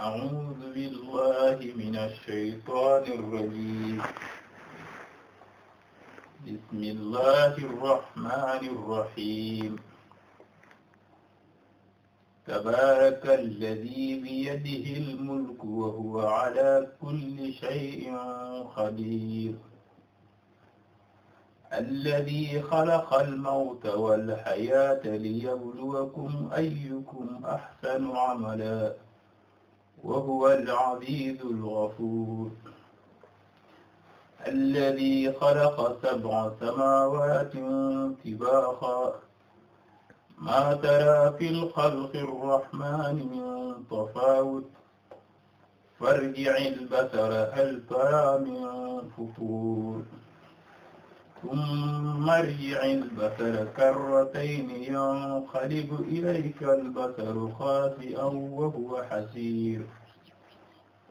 أعوذ بالله من الشيطان الرجيم بسم الله الرحمن الرحيم تبارك الذي بيده الملك وهو على كل شيء قدير الذي خلق الموت والحياة ليبلوكم أيكم أحسن عملا wa huwa al-aziz al-ghafur الذي خلق سبع سماوات طباقا ما ترى في الخلق الرحمن من تفاوت فارجع البصر هل ترى من فطور ثم ارجع البصر كرتين ينقلب إليك البصر خاسئا وهو حسير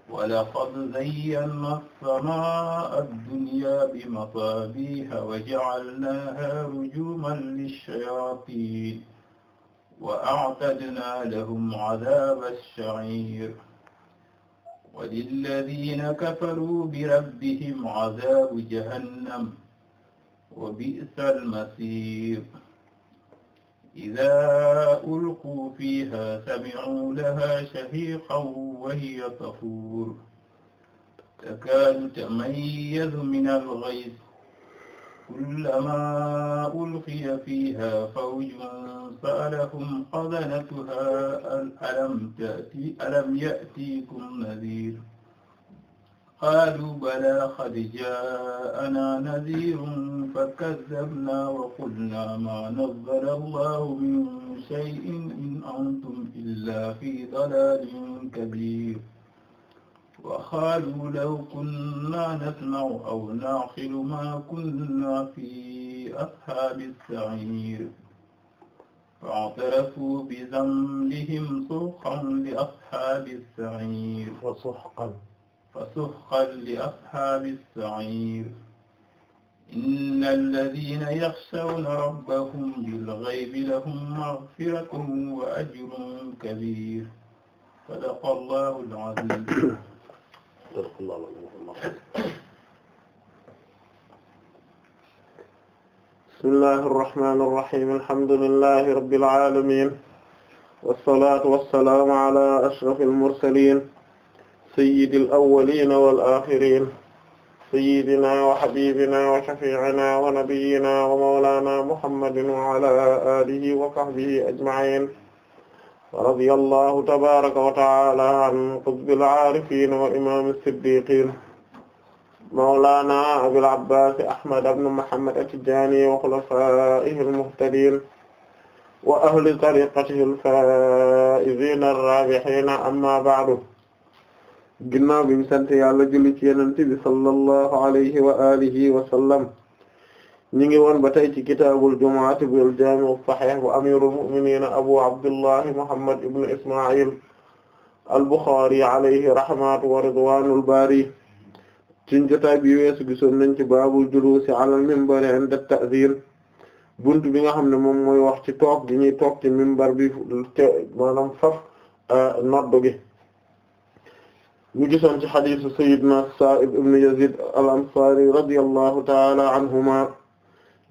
ولقد زينا السماء الدنيا بمصابيح وجعلناها رجوما للشياطين وأعتدنا لهم عذاب السعير وللذين كفروا بربهم عذاب جهنم wa bi'sal masiir idaa ulquu fiihaa samicuu lahaa shahiiqan wa hiya tafuur takaadu tamayyazu minal ghays كلما ألقي فيها فوج سألهم خزنتها ألم تأتي ألم يأتيكم نذير قالوا بلى قد جاءنا نذير فكذبنا وقلنا ما نزل الله من شيء إن أنتم إلا في ضلال كبير وقالوا لو كنا نسمع أو نعقل ما كنا في أصحاب السعير فاعترفوا بذنبهم سحقا لأصحاب السعير وسحقا فسحقا لأصحاب السعير إن الذين يخشون ربهم بالغيب لهم مغفرة وأجر كبير صدق الله العظيم. صدق الله العظيم. بسم الله الرحمن الرحيم الحمد لله رب العالمين والصلاة والسلام على أشرف المرسلين sayyidil awwaliina wal aaxiriin sayyidinaa wa habiibinaa wa shafii'inaa wa nabiyyinaa wa mawlaanaa muhammadin wa alaa aalihi wa sahbihi ajma'iin radiyallaahu tabaaraka wa ta'aalaa an qutbil aarifiin wa imaami siddiqiin mawlaanaa abil abbaas ahmad ibn muhammad at-tijaani wa xulafaa'ihil muhtadiin wa ahli tariiqatihil faa'iziinar raabihiin ammaa ba'du ginnaaw bi mu sant yàlla julli ci yenente bi sallallahu alayhi wa alihi wa sallam ñi ngi woon ba tey ci kitaabul jumu'ati bil jaami' as-sahih wa amirul mu'minin abu abdullahi muhammad ibn isma'il al-bukhari alayhi rahmatu wa ridwanul bari ci jotaay bi weesu gisoon nañ ci baabul julusi minbar inda at-ta'zin bi nga xam ne moom mooy wax ci toog gi ñuy toog ci minbar bi maanaam faf eh, gi ñu gisoon ci xadiisu Seydina Sa'ib ibn Yazid al-Ansari radiyallahu ta'ala anhuma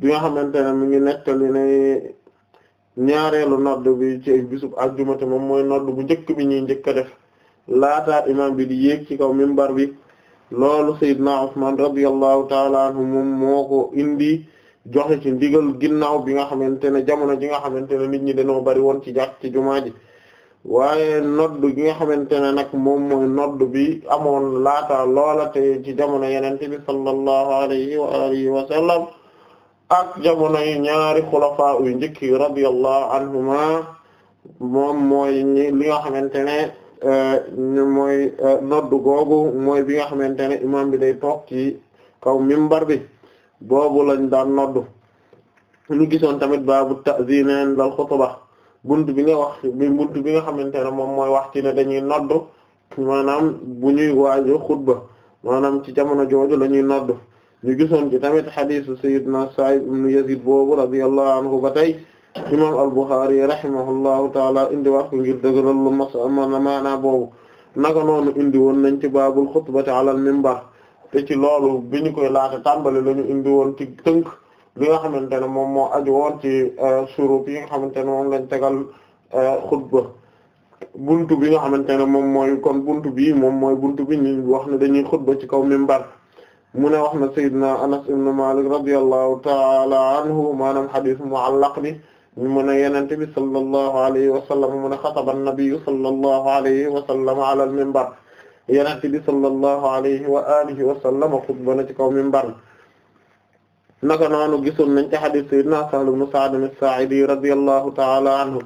bi nga xamante ne mi ngi nettali ne ñaareelu nodd bi ci bisub te moom mooy nodd bu njëkk bi ñuy njëkk a def laata imaam bi di yéeg ci kaw minbar bi loolu Seydina Usman radiyallahu ta'ala anhu moom moo ko indi joxe ci ndigal ginnaaw bi nga xamante ne jamono ji nga xamante ne nit ñi dañoo bari woon ci jàkk ci jumaa ji waaye nodd gi nga xamante ne nag moom mooy nodd bi amoon laata loola te ci jamono yeneen bi sallallahu alayhi ak jamono yi ñaari xulafaa yu njëkk yi radiyallahu anhuma moom mooy li nga xamante ne euh, mooy euh, googu mooy bi nga xamante ne imaam bi day toog ci kaw mimbar bi boobu lañ daan nodd ñu gisoon tamit baabu ta'zin dal xutba bunt bi nga wax bi bunt bi nga xamante ne moom mooy wax ci ne dañuy nodd maanaam bu ñuy waajo xutba maanaam ci jamono jooju la ñuy nodd ñu gisoon ci tamit xadisu sayyidina Sa'id ibn Yazid boobu radiyallahu anhu ba tey imam al-Bukhari rahimahullahu taala indi wax ko ngir dëgëral lu masmana maanaa boobu naka noonu indi woon nañ ci baabul xutbati ala al minbar te ci loolu bi ñu koy laata tàmbali la ñu indi woon ci tënk li nga xamante ne moom moo aju woon ci euh, surub yi nga xamante ne moom lañ tegal euh, xutba buntu bi nga xamante ne moom mooy kon buntu bi moom mooy buntu bi ñu wax ne dañuy xutba ci kaw minbar mu ne wax na Seydina Anas ibn Malik radiyallahu ta'ala anhu maanaam hadith mu'allaq bi mu ne Yonent bi sallallahu alayhi wa sallam mu ne xataba an-nabiyyu sallallahu alayhi wa sallam ala al-minbar Yonent bi sallallahu alayhi wa alihi wa sallam xutba na ci kaw minbar naka noonu gisoon nañ ci hadith sayyidina Sahl ibn Sa'd as-Sa'idi radiyallahu ta'ala anhu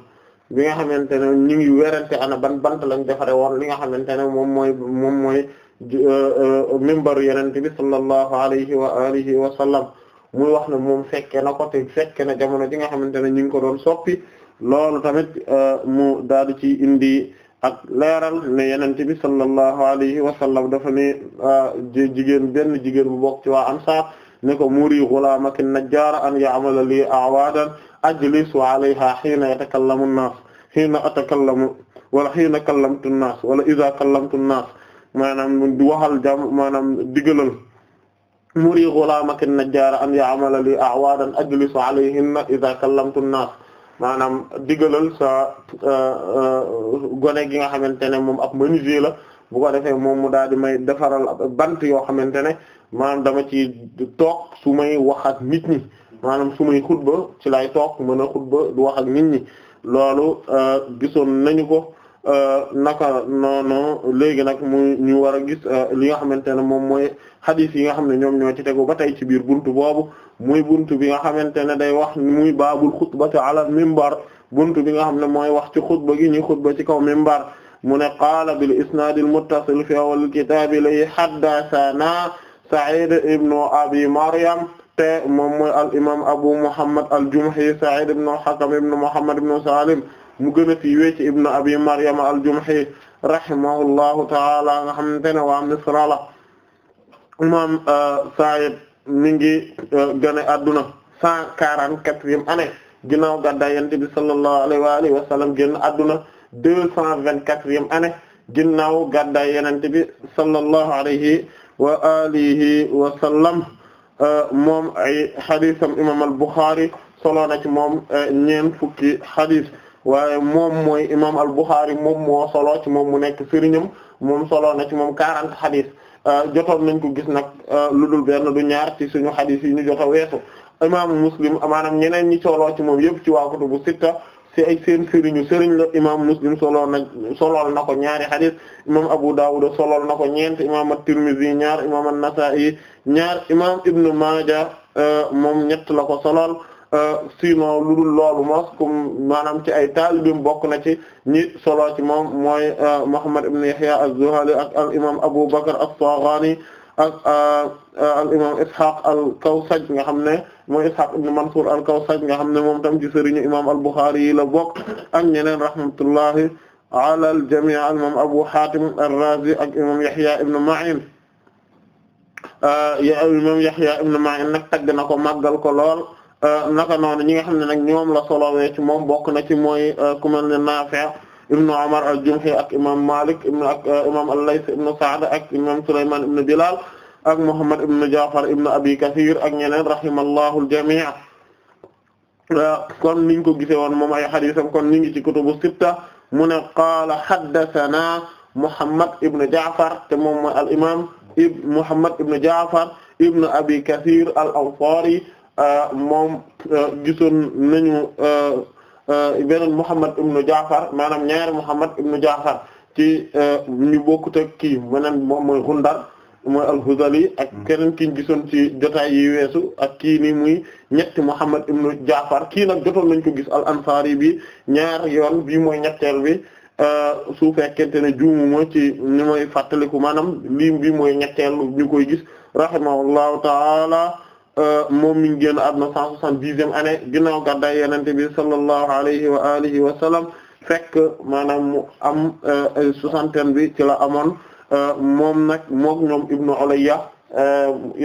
bi nga xamante ne ñu ngi werante ana ban bant lañ defare woon li nga xamante ne moom mooy moom mooy euh, euh, mimbaru yenente bi sallallahu alayhi wa alihi wa sallam muy wax ne moom fekke na ko te fekke na jamono ji nga xamante ne ñu ngi ko doon soppi loolu tamit euh, mu daal ci indi ak leeral ne yenente bi sallallahu alayhi wa sallam dafa ne jigéen benn jigéen bu bokk ci waa ansaar ne ko muri ghulaamaki najjaara an ya'mala lii a'waadan ajlisu 'alayhaa hiina yatakallamu an-naas hiina atakallamu wala hiina kallamtu an-naas wala idhaa kallamtu an-naas maanaam di waxal jàmm maanaam digalal muri ghulaamaki najjaara an ya'mala lii a'waadan ajlisu 'alayhinna idhaa kallamtu an-naas maanaam digalal sa uh, uh, gone gi nga xamante ne moom ab menuisier la bu ko defee moom mu daal di may defaral bant yoo xamante ne maanaam dama ci toog su may wax ak nit ñi maanaam su may xutba ci lay toog mën a xutba du wax ak nit ñi loolu euh, gisoon nañu ko euh, naka noonu léegi nag mu ñu war a gis euh, li nga xamante ne moom mooy hadith yi nga xam ne ñoom ñoo ci tegu ba tey ci biir buntu boobu muy buntu bi nga xamante ne day wax muy baabul xutbati ala mimbar buntu bi nga xam ne mooy wax ci xutba gi ñuy xutba ci kaw mimbar mu ne qaala bil isnaadil muttasil fi awwalil kitaabi lay haddasanaa Sa'id ibn Abi Maryam te moom al imam Abu Muhammad al-Jumahi Sa'id ibn hakam ibn Muhammad ibn Salim mu gën a siiwee ci ibn Abi Maryam al-Jumahi rahimahullahu ta'ala nga xamante ne waa Misra la imam euh, Sa'id mi ngi euh, gane adduna cent quarante-quatrième année ginnaaw gàddaay Yonent bi sallallahu alayhi wa alihi wa sallam génn vingt-quatrième année ginnaaw gàddaay Yonent bi sallallahu alayhi wa alihi wa sallam euh, moom ay xadisam imam al-Bukhari solo na ci moom euh, ñeent fukki xadis waaye moom mooy imam al-Bukhari moom moo solo ci moom mu nekk sëriñam moom solo na ci moom 40 xadis euh, jotoon nañ ko gis nag lu dul benn du ñaar ci suñu xadis yi ñu jot a weesu imaamu Muslim maanaam ñeneen ñi solo ci moom yëpp ci waa kutubu sitta ci ay seen sëriñu sëriñ la imam Muslim solool na solool na ko ñaari hadith imam Abu Dawud solool na ko ñeent imam At-Tirmidhi ñaar imam An-Nasa'i ñaar imam Ibn Maaja euh, moom ñett la ko solool euh, sinon lu dul loolu mos comme maanaam ci ay taalibim bokk na ci ñi solo ci moom mooy euh, Muhammad ibn Yahya az-Zuhali al imam Abu Bakr as-Saghani ak euh, euh, al imam ishaq al kawsaj nga xam ne mooy ishaq ibn mansur al kawsaj nga xam ne moom tam ci sëriñu imam al bukhari yi la bokk ak ñeneen rahmatullahi ala al jami' al imam abu hatim ar-razi ak imam yahya ibn ma'in euh, imam yahya ibn ma'in nag tagg na ko màggal ko lool naka noonu ñi nga xam ne nag ñoom la solowee ci moom bokk na ci mooy ku ne nafi' ibnu Umar al-Jumahi ak imam Malik ibnu ak euh, imam al-Layth ibnu ak imam Sulayman ibnu Bilal ak Muhammad ibnu Ja'far ibnu Abi Kathir ak ñeneen rahimallahu al-jami' euh, kon niñ ko gisee woon moom ay hadiisam kon ñu ngi ci kutubu sitta mu ne qaala haddathana Muhammad ibnu Ja'far te moom mooy al-imam ibn Muhammad ibnu Ja'far ibnu Abi Kathir al-Ansari euh, moom gisoon nañu Euh, beneen Muhammad ibnu Jaafar maanaam ñaari Muhammad ibnu Jaafar ci euh, ñu bokkut ak kii beneen moom mooy Gundar mooy al-Hudhali ak hmm. keneen ki ñu gisoon ci jotaay yi weesu ak kii nii muy ñetti Muhammad ibnu Jaafar kii nag jotoon nañ ko gis al-Ansari bi ñaari yoon bii mooy ñetteel bi euh, su fekkente ne juumu moo ci ñu mooy fàttaliku maanaam lii bi mooy ñetteel ñu koy gis rahimahullahu taala Euh, moom mi ngi génn àdduna 170e année ginnaaw gàddaay Yonent bi sallallahu alayhi wa alihi wa sallam fekk maanaam mu am euh, soixantaine bi ci la amoon euh, moom nag mook ñoom Ibnu Ulayya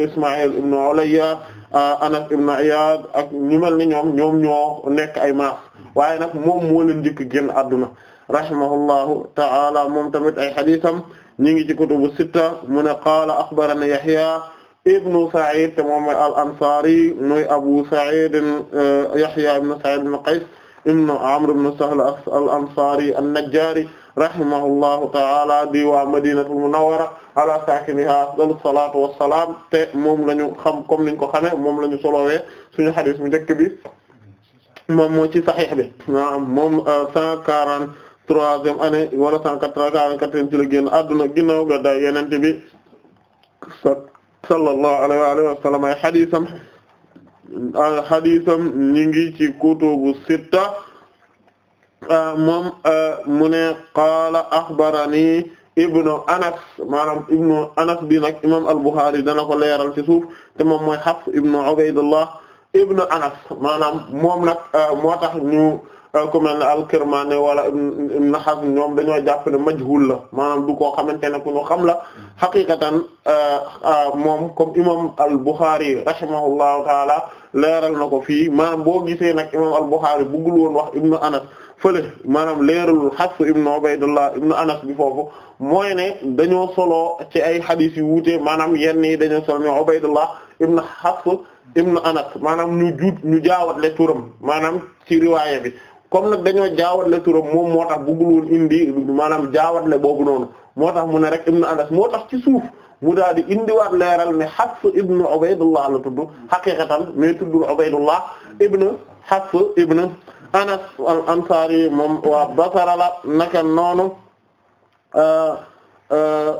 Ismaïl Ibnu Ulayya Anas Ibnu Iyad ak ñu mel ni ñoom ñoom ñoo nekk ay maas waaye nag moom moo leen njëkk génn àdduna rahimahullahu ta'ala moom tamit ay xadiisam ñi ngi ci kutubu sitta mu ne qaala axbarana Yahya ibnu Sa'id te moom mooy al-Ansari mooy Abu Sa'id eh, Yahya ibnu Sa'id ibnu Qays ibnu Amr ibnu Sahl al-Ansari an-Najjari rahimahullahu ta'ala di waa Madinatul Munawwara ala saakiniha afdalu salaatu wa salaam te moom la xam comme niñ ko xamee moom la ñu solowee suñu xadis bu njëkk bi moom moo ci saxiix bi naam moom eh, cent quarante-troisième année wala cent quatre-vingt-quatre ci la génn adduna ginnaaw ga day sallallahu alayhi wa ay xadisam xadisam ñi ngi ci kutubu sitta moom mu ne qaala axbarani anas maanaam ibnu anas bi nag imam al-Bukhari dana ko leeral ci suuf te moom mooy Hafs ibnu Ubaydullah anas maanaam moom nag moo ñu Euh, ku mel ne al-Kirmani wala Ibn Hazm ñoom dañoo jàpp ne majhul la maanaam du koo xamante ne ku ñu xam la xaqiqatan euh, euh, moom comme imam al-Bukhari rahimahullahu taala leeral na ko fii maanaam boo gisee nag imam al-Bukhari bëggul woon wax ibnu Anas fële maanaam leeralul Hafs ibnu Ubaydullah ibnu Anas bi foofu mooy ne dañoo solo ci ay xadiis yu wuute maanaam yenn yi dañoo solo ne Ubaydullah ibnu Hafs ibnu Anas maanaam ñu juut ñu jaawatle turam maanaam ci riwaaya bi comme nag dañoo jaawatle turam moom moo tax bëggul woon indi maanaam jaawatle boobu noonu moo tax mu ne rek ibnu Anas moo tax ci suuf mu daal di indiwaat leeral ne Hafs ibnu Ubaydullah la tudd haqiqatan mais tuddul Ubaydullah ibnu Hafs ibnu Anas al moom waa Basra la noonu euh, euh,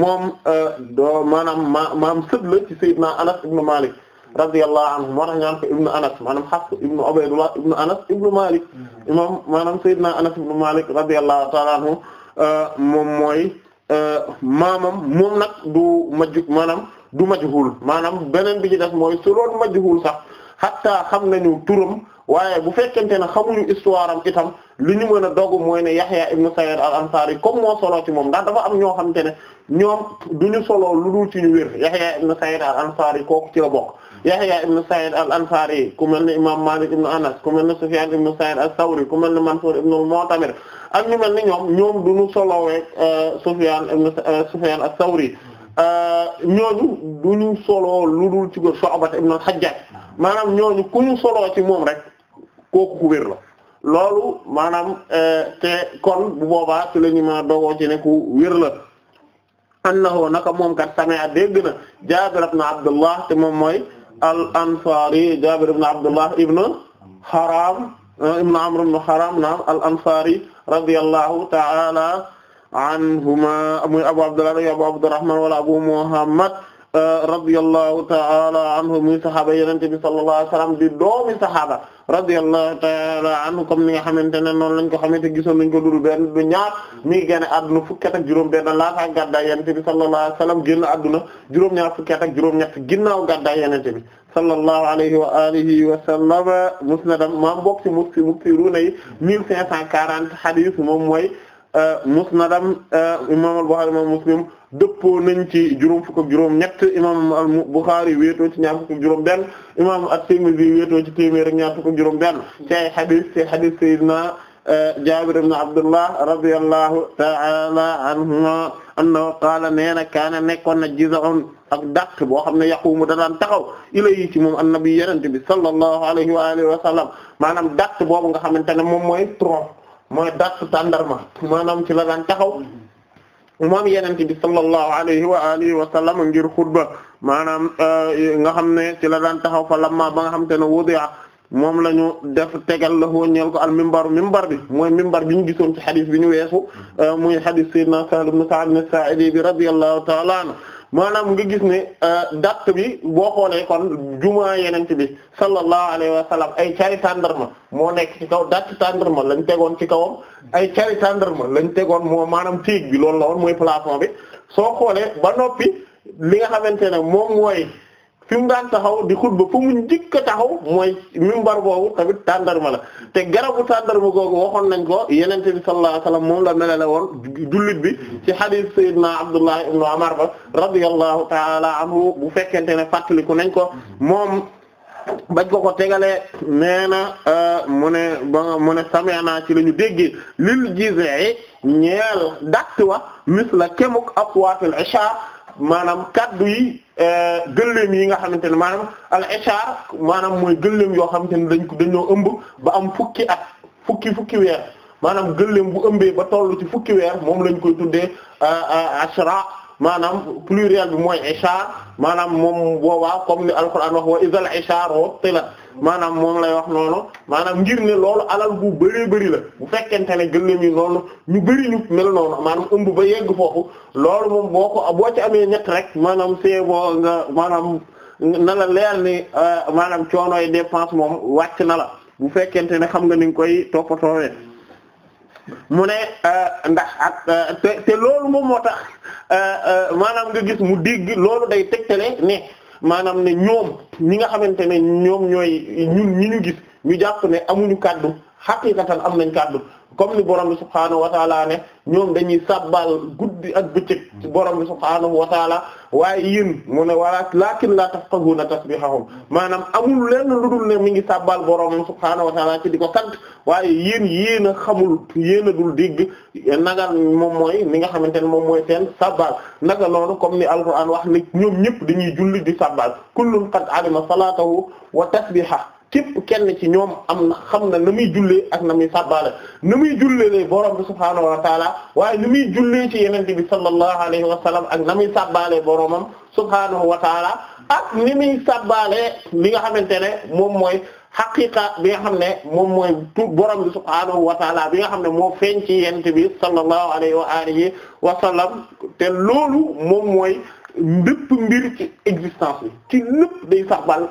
moom euh, maanaam ma maam sëb la ci Sayyidina Anas ibnu Malik radiyallahu anhu moo tax ñaan ko ibnu anas maanaam Hafs ibnu Ubaydullah ibnu anas ibnu Malik mm-hmm. imam maanaam sayyidina anas ibnu Malik radiyallahu ta'ala anhu euh, moom mooy euh, maamam moom nag du majju maanaam du majhul maanaam beneen bi ji def mooy su loolu majhul sax hatta xam nañu turam waaye bu fekkente ne xamuñu histoire am itam li ñu mën a dogu mooy ne Yahya ibn Sa'id al-Ansari comme moo solo ci moom ndax dafa am ñoo xamante ne ñoom du ñu solo lu dul ci ñu wér Yahya kooku ci la bokk Yahya ibn Sa'id al-Ansari ku mel ne imam Malik ibn Anas ku mel ne Sufyan ibn Sa'id al-Thawri ku mel ne Mansur ibn al-Mu'tamir ak ñu mel ni ñoom ñoom duñu solowee euh, Sufyan ibn euh, al-Thawri euh, ñooñu duñu soloo lu dul ci Shu'ba ibn al-Hajjaj maanaam ñooñu ku ñu soloo ci moom rek kooku ku wér la loolu maanaam te kon bu boobaa ci la ñu mën a dogoo ci ne ku wér la naka moom kat sami'a dégg na Jaabir ibn Abdullah te moom mooy al ansari Jabir ibn Abdullah ibn Haram ibn Amr ibn Haram naam al ansari radiyallahu ta'ala anhuma muy Abu Abdullah abu Abdurrahman wala Abu Muhammad radiyallahu ta'ala anhu muy sahaaba yenente bi sallallahu alayhi wasallam di doomi sahaaba radiyallahu ta'ala anhu comme ni xamante ne noonu lañ ko xamante gisoon nañ ko dul benn du ñaar mi ngi génn àdduna fukki juróom benn laata gàddaay yenente bi sallallahu alayhi wasallam génn àdduna juróom-ñaar fukki at juróom-ñett ginnaaw gàddaay yenente bi sallallahu alayhi wa alihi wa sallam musnadam maam bokk ci mukti mukti ruuna yi mille cinq cent quarante hadith moom mooy Euh, musnadam euh, imam al-Bukhari imam Muslim dëppoo nañ ci juróom fukk ak juróom ñett imam al-Bukhari wéetoo ci ñaar fukk ak juróom benn imam at-Tirmidhi ci téeméer ak ñaar fukk ak juróom benn ci ay hadith ci hadith sayyidina euh, Jaabir ibn Abdullah radiyallahu ta'ala anhuma annahu qaala nee na kaana nekkoon na jiz'un ak dàq boo xam ne yaqumu da daan taxaw ilay ci moom annabi yenente bi sallallahu alayhi wa alihi wa sallam maanaam dàq boobu nga xamante ne moom mooy trop mooy dàtt tàndarma maanam ci la daan taxaw moom yenente bi sallallahu alayhi wa alihi wa sallam ngir xutba maanaam euh, nga xam ne ci la daan taxaw fa lamma ba nga xam te ne wudi'a moom la ñu def tegal la woo ñeel ko al mimbaru mimbar bi mooy mimbar bi ñu gisoon ci xadis bi ñu weesu euh, muy xadis sayyidina Sahl ibn Sa'd as-Sa'idi bi radiyallahu ta'ala anhu maanaam nga gis ne euh, dàtt bi boo xoolee kon jumaa yenent bi sallallahu alayhi wa sallam ay cari tàndarma moo nekk ci kaw dàtt tàndarma lañ tegoon ci kawam ay cari tàndarma lañ tegoon moo maanaam tiig bi loolu la woon mooy plafond bi soo xoolee ba noppi li nga xamante ne moom mooy fi mu daan taxaw di xutba fu mu njëkk a taxaw mooy minbar boobu la te garabu tàndarma googu waxoon nañ ko yenente bi sallallahu alayhi wasallam moom la melale woon jullit bi ci hadith sayyidina Abdullah ibn Umar ba radiyallahu ta'ala anhu bu fekkente ne fàttaliku nañ ko moom bañ ko ko tegalee nee na euh, mu ne ba mu ne sami'na ci la ñu déggee lil jiz'i ñeel dàtt misla kemuk aqwaatil isha maanaam kaddu yi euh, gëléem yi nga xamante ne maanaam al ishar maanaam mooy gëléem yoo xamante ne dañ ko dañoo ëmb ba am fukki at fukki fukki weer maanaam gëléem bu ëmbee ba tollu ci fukki weer moom lañ koy tuddee euh, euh, ashra maanaam pluriel bi mooy ishar maanaam moom boobaa comme ni alquran wax wa izal ishar uttilat maanaam moom lay wax noonu maanaam ngir ne loolu alal bu bëree bëri la bu fekkente ne gëléem yi noonu ñu bëri ñu mel noonu maanaam ëmb ba yegg foofu loolu moom boo ko boo ci amee ñett rek maanaam c'est nga maanaam na la leer ni euh, maanaam coonoy dépense moom wàcc na la bu fekkente ne xam nga ni nga koy toppatoowee mu ne euh, ndax ak euh, te loolu moom moo tax euh, maanaam nga gis mu dégg loolu day tegtale ne maanaam ne ñoom ñi nga xamante ne ñoom ñooy ñun ñi ñu gis ñu jàpp ne amuñu kàddu xaqiqatan am nañ kàddu comme ni borom bi subhaanahu wa taala ne ñoom dañuy sabbal guddi ak bëccëg ci borom bi subhaanahu wa waaye yéen mu ne wala lakin la tafqahuna tasbihahum maanaam amul lenn lu dul ne mi ngi sabbal borom subhaanahu wa taala ci di ko sant waaye yéen yéen a xamul yéen a dul dégg nagal moom mooy ni nga xamante ne moom mooy seen sabbal naka noonu ni alquran wax ni ñoom ñëpp dañuy julli di sabbal kullun qad alima salatahu wa tasbihahu képp kenn ci ñoom am na xam na na muy jullee ak na muy sàbbaale na muy jullee borom bi subhaanahu wa waaye na muy jullee ci yeneen bi sallallahu alayhi wa sallam ak na muy sàbbaale boromam subhaanahu wa taala ak ni muy sàbbaale li nga xamante ne moom mooy xaqiqa bi nga xam ne moom mooy tur borom bi subhaanahu wa bi nga xam ne moo feeñ ci yeneen bi sallallahu alayhi wa alihi wa loolu moom mooy ndëpp mbir ci existence bi ci lépp day sàbbal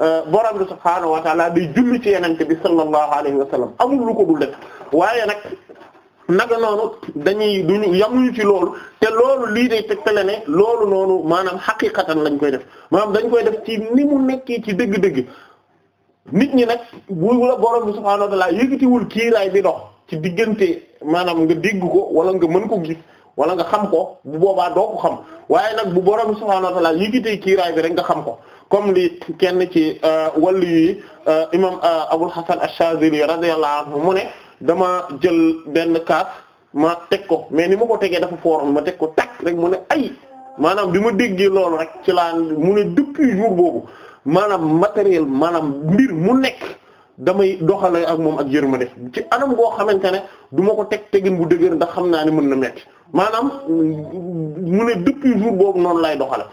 Euh, borom bi subhaanahu wa taala day julli ci yenente bi sallallahu alayhi wa sallam amul lu ko dul def waaye nag naga noonu dañuy duñu yamuñu ci loolu te loolu lii de teg tegtale ne loolu noonu maanaam xaqiqatan lañ koy def maanaam dañ koy def ci ni mu nekkee ci dëgg-dëgg nit ñi nag bu la borom bi subhaanahu wa taala yëkkatiwul kiiraay bi dox ci diggante maanaam nga dégg ko wala nga mën ko gis wala nga xam ko bu boobaa doo ko xam waaye nag bu borom bi subhaanahu wa taala yëkkatee kiiraay bi rek nga xam ko comme lii kenn ci euh, wàllu yi euh, imam euh, Abul Hasan Ash-Shazili radiyallahu anhu mu ne dama jël benn kaas ma teg ko mais ni ma ko tegee dafa fooroon ma teg ko takk rek mu ne ay maanaam bi ma déggee loolu rek ci laa mu ne depuis jour boobu maanaam matériel maanaam mbir mu nekk damay doxale ak moom ak def ci anam boo xamante ne du ko teg tegin bu dëgër ndax xam naa ne mën na metti maanaam mu ne depuis jour boobu noonu lay doxale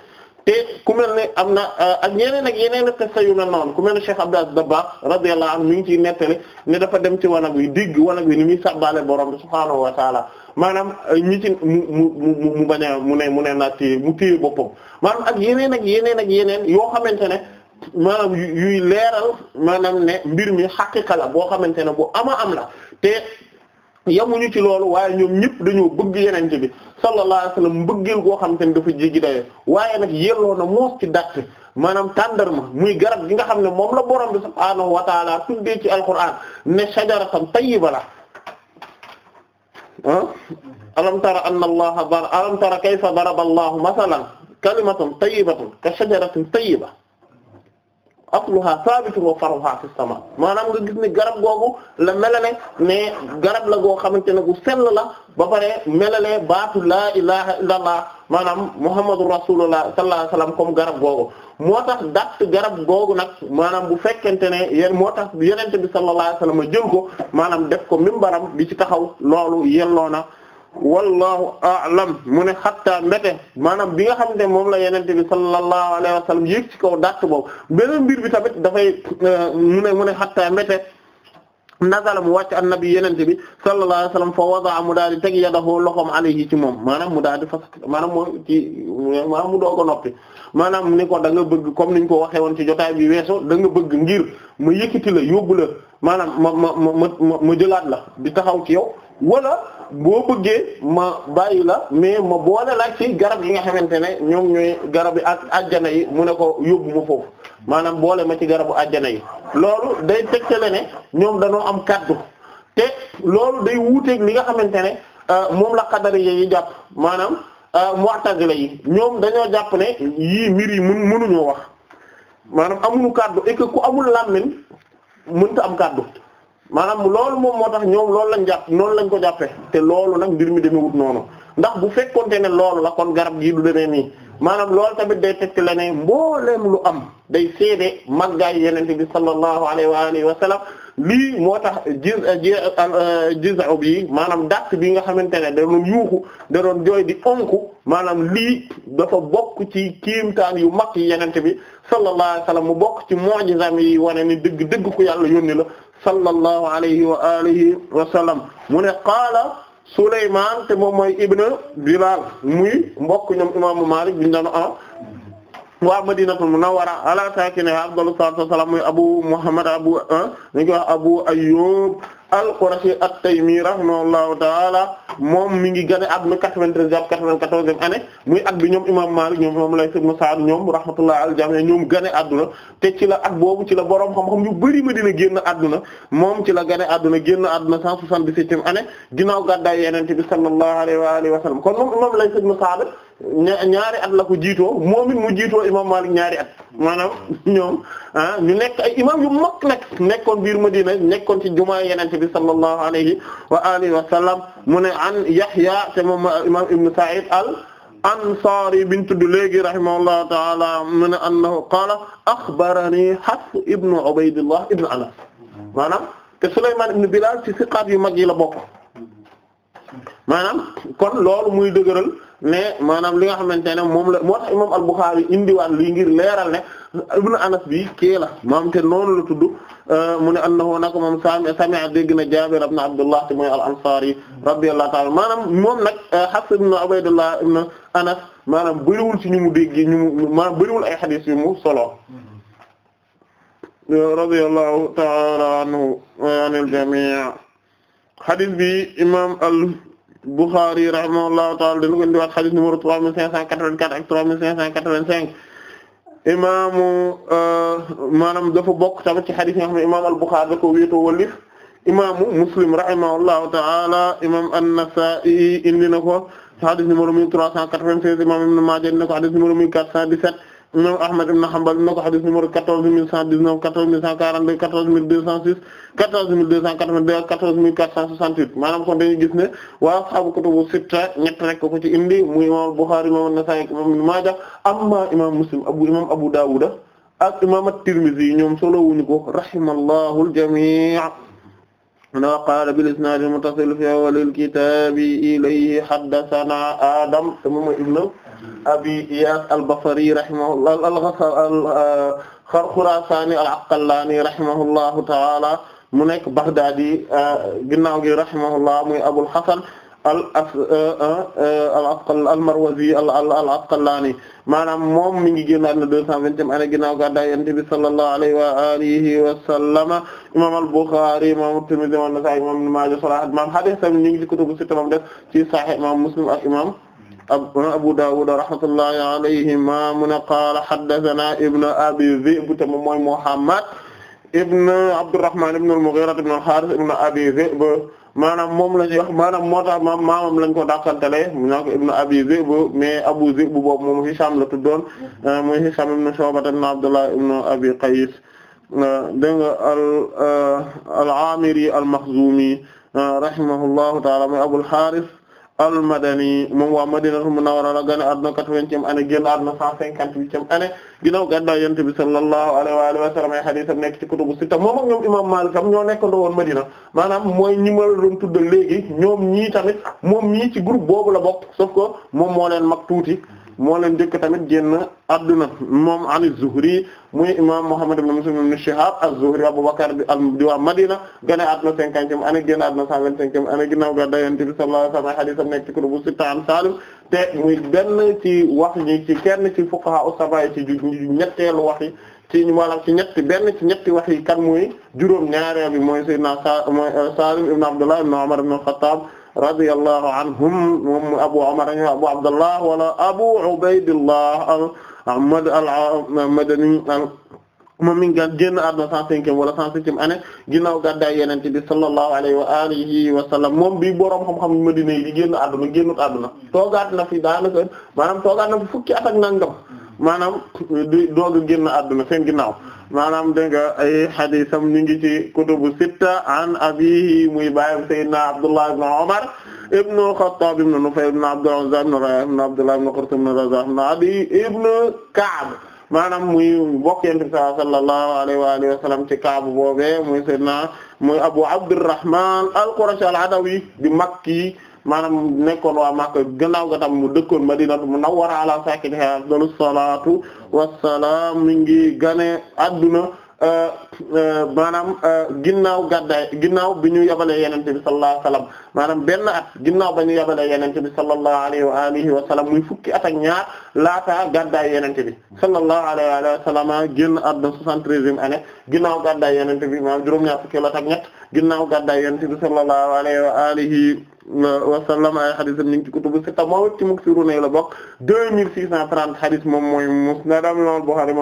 te ku mel ne am na euh, ak yeneen ak yeneen xissa yu na noonu ku mel ne Cheikh Abdou Dabakh radiyallahu anhu mu ngi ciy nettali ne dafa dem ci wanag wi digg wanag wi ni muy sàbbaale borom bi subhaanahu wa maanaam euh, ñi ci mu mu mu bañ mu ne mu ne na téye mu téye boppam maanaam ak yeneen ak yeneen ak yeneen yoo xamante ne maanaam yuy leeral maanaam ne mbir mi xaqiqa la boo xamante ne bu ama am la te yamuñu ci loolu waaye ñoom ñëpp dañoo bëgg yenente bi sallallahu alayhi wasallam mbëggeel goo xam te ne dafa jéggi dayoo waaye nag yelloo na moos ci datt maanaam tàndarma muy garab gi nga xam ne moom la borom bi subhaanahu wa taala tuddee ci alquran ne shajaratan tayyiba la ah alam tara anna allaha alam tara kayfa daraba allahu masalan kalimatan tayyibatan ka shajaratin tayyiba aqluha sabitun wa faruha fi sama maanaam nga gis ne garab googu la melale ne garab la goo xamante ne gu sell la ba pare melale baatu laa ilaha illa allah maanaam muhammadu rasulullah sallallahu alayhi wasallam comme garab googu moo tax datt garab googu nag maanaam bu fekkente ne yéen moo tax yenente bi sallallahu alayhi wasallam jël ko maanaam def ko mimbaram bi ci taxaw loolu yelloo wallahu a'lam mu ne xattaa mbéte maanaam bi nga xam ne moom la yenente bi sallallahu alayhi wa sallam yéeg ci kaw datt boobu beneen mbir bi tamit dafay euh, mu ne mu ne xattaa mbéte nazala mu wàcc annabi yenente bi sallallahu alayhi wa sallam fa wadaa mu daal di teg yadahu loxom alayhi ci moom maanaam mu daal di fas maanaam moo ci maanaam mu doog a noppi maanaam ni ko danga bëgg comme niñ ko waxee woon ci jotaay bi weesu da nga bëgg ngir ma yëkkati la yóbbu maanaam ma ma ma ma ma jëlaat la di taxaw ci yow wala boo bëggee ma bàyyi la mais ma boole la ci garab yi nga xamante ne ñoom ñooy garab yi ak ajjana yi mu ne ko yóbbu ma foofu maanaam boole ma ci garabu ajjana yi loolu day le ne ñoom dañoo am kaddu te loolu day wuuteeg li nga xamante ne euh, moom la xadari yi jàpp maanaam euh, mu'tazila yi ñoom dañoo jàpp ne yii mbir yi mun mënuñoo wax maanaam amuñu kàddu et que ku amul làmmiñ mënta am kàddu maanaam loolu moom moo tax ñoom loolu lañ jàpp noonu lañ ko jàppee te loolu nag mbir mi demewut noonu ndax bu fekkonte ne loolu la kon garab gii du demee nii maanaam loolu tamit day tekk la ne mbooleem lu am day seede màggaay yenente bi sallallahu alayhi wa alihi wa sallam lii moo tax jiz euh, jizo bi maanaam dàq bi nga xamante ne da doon yuuxu da doon jooy di onku maanaam lii dafa bokk ci kiimtaan yu mag yi yenente bi sallallahu alayhi wa mu bokk ci mu'jizam yi wane ni dëgg dëgg ko yàlla yónni la sallallahu alayhi wa mooy ibn Bilal muy mbokk ñoom imaamu Malik biñu dano waa Madinatul Munawwara ala saakinihaa afdalu salaatu Abu Muhammad abu ah, dañu al-Qurashi at-Taymi rahimahullahu ta'ala moom mi ngi gane àdduna 93 jàpp 94e année muy at bi ñoom imam Malik ñoom imam Layth ibn Sa'd ñoom rahmatullahi al ñoom gane àdduna te ci la at boobu ci la boroom xam-xam yu bari ma dina génn àdduna moom ci la gane àdduna génn àdduna 177e année ginnaaw gàddaay Yonent bi sallallahu alayhi wa alihi wa sallam kon moom imam Layth ibn Sa'd ñaari at la ko jiitoo moom mu jiitoo imam Malik ñaari at maanaam ñoom ah ñu nekk ay imam yu mag nag nekkoon biir Madina nekkoon ci jumaa yenente bi sallallahu alayhi wa alihi wa mu ne an Yahya te Ibn Sa'id al Ansari biñ tudd léegi rahimahullahu ta'ala mu ne annahu qaala axbarani Hafs ibnu Ubaydillah ibnu Anas te Sulaymaan ibn Bilaal ci siqaat yu mag yi la bokk ne maanaam li nga xamante ne moom la moo tax imam al-Bukhari indiwaat lii ngir leeral ne ibnu Anas bi kii la maam te noonu la tudd euh, mu ne annahu nag moom sami sami'a dégg na Jaabir ibn Abdullah te mooy al-Ansari radiyallahu ta'ala maanaam moom nag euh, Hafs ibn Ubaydullah ibn Anas maanaam bëriwul ci ñu mu dégg ñu mu maanaam bëriwul ay xadiis yu mu solo euh, radiyallahu ta'ala anhu anil jami' xadiis bi imam al Bukhari rahimahullahu ta'ala dina ko indiwaat xadis numéro trois mille cinq cent quatre-vingt-quatre ak trois mille cinq cent quatre-vingt-cinq imaamu euh, maanaam dafa bokk tamit ci xadis yi nga xam ne ko wéetoo walif imaamu Muslim rahimahullahu ta'ala imaam an-Nasa'i na ko xadis numéro mille trois cent quatre-vingt-seize imaam Ibn Maaja indi na ko xadis numéro mille quatre cent dix-sept imam Ahmad ibn Hanbal na ko hadith numéro 14119 14142 14206 14282 14468 maanaam kon dañuy gis ne waa ashaabu kutubu sitta ñett rek ko ci indi muy imam Bukhari imam Nasa'i imam Ibn Maaja amma imam Muslim abu imam Abu Dawud ak imam At-Tirmidhi ñoom solo wuñu ko rahimallahu al-jami' wa qaala bil-isnaad al-muttasil fi awwal al-kitaab ilayhi haddathana Adam moom mooy ibn abi Iyaas al-Basri rahimahullah al-Khurasani al-Aqallani rahimahullahu ta'ala mu nekk Baghdadi euh, ginnaaw gi rahimahullah muy Abul Hasan al euh, euh, as al-Marwazi al-Aqallani maanaam moom mi ngi génnaat na deux cent vingtième année ginnaaw gàddaay Yonent bi sallallahu alayhi wa alihi wa sallama imam al-Bukhari imam at-Tirmidhi imam an-Nasa'i imam Ibn Majah sahih imam hadith am ñu ngi ci kutubu sitta moom def ci sahih imam Muslim ak imam Abu Dawud rahmatullahi alayhima mu ne qaala haddathana ibn Abi Dhi'b te moom mooy Muhammad ibn Abdurrahman ibn al-Mughira ibn al-Harith ibn Abi Dhi'b maanaam moom la ñuy wax maanaam moo tax maam maamam lañ ko dàkkantele mu ñaa ko ibn Abi Dhi'b mais Abu Dhi'b boobu moom Hisham la tuddoon muy Hisham ibn Shu'ba ibn Abdullah ibn Abi Qays dégg nga al al-Amiri al-Makhzumi rahimahullahu ta'ala muy Abul Harith al-Madani moom waa Madinatu Munawwara la gane àdduna 80e année génn àdduna 158e année ginnaaw gàddaay Yonent bi sallallahu alayhi wa alihi wa hadith am nekk ci kutubu sitta moom ak imam Malik tam ñoo nekkandoo woon Madina maanaam mooy ñi ma doon tuddal léegi ñoom tamit moom ñii ci boobu la bok sauf que moom moo leen mag tuuti moo leen njëkk tamit génn adduna moom an az-Zuhri muy imam Muhammad ibn Muslim ibn Shihab az-Zuhri Abu Bakr di waa Madina gane adduna cinquantième année génn adduna cent vingt-cinquième année ginnaaw ga dayante bi sallallahu alayhi wa sallam hadith am nekk ci kutubu sitta an Salim muy benn ci wax ñi ci kenn ci fuqaha as-sab'a ci ñetteelu wax yi ci maanaam ci ñetti benn ci ñetti wax yi kan muy juróom ñaareel bi mooy sayyidina Salim euh, ibn Abdullah ibn Umar ibn al-Khattab radiyallahu anhum moom Abu Umar Abu Abdullah wala Abu Ubaydillah Ahmad al-Madani moom mi ngi génn àdduna cent cinquième wala cent septième année ginnaaw gàddaay Yonent bi sallallahu alayhi wa alihi wa sallam moom bi boroom xam-xam Madina yi di génn àdduna génnut àdduna toogaat na fi daanaka maanaam toogaat na fi fukki at ak nangam maanaam di doog a génn àdduna seen ginnaaw maanaam dégg nga ay xadisam ñu ngi ci kutubu sitta an abihi muy baayam sayyidina Abdullah ibn Umar ibn Khattab ibn Nufayl ibn Abd al-Uzza ibn Rabi'a ibn Abdullah ibn Qurt ibn Raza ibn Adi ibn Ka'b maanaam muy bokk yonent bi sallallahu alayhi wa alihi wa sallam ci Ka'b boobee muy sayyidina muy Abu Abdurrahman al-Qurashi al-Adawi di Makki maanaam nekkoon waa Makka gannaaw ga tam mu dëkkoon Madinatu Munawwara ala saakinihaa afdalu salaatu wassalaam mi ngi gane adduna euh, Euh, maanaam euh, ginnaaw gàddaay ginnaaw bi ñu yabalee yenente bi sallallahu alayhi wa sallam maanaam benn ginnaaw bi sallallahu alayhi wa alihi wa sallam muy fukki at ak ñaar laataa gàddaay yenente bi sallallahu alayhi wa alihi wa sallam génn àdduna soixante-treizième année ginnaaw gàddaay yenente bi maanaam juróom-ñaar fukki at ak ñett ginnaaw gàddaay yenente bi sallallahu alayhi wa alihi wa sallam ay hadith moom ci muksiruna yi la bokk deux mille six cent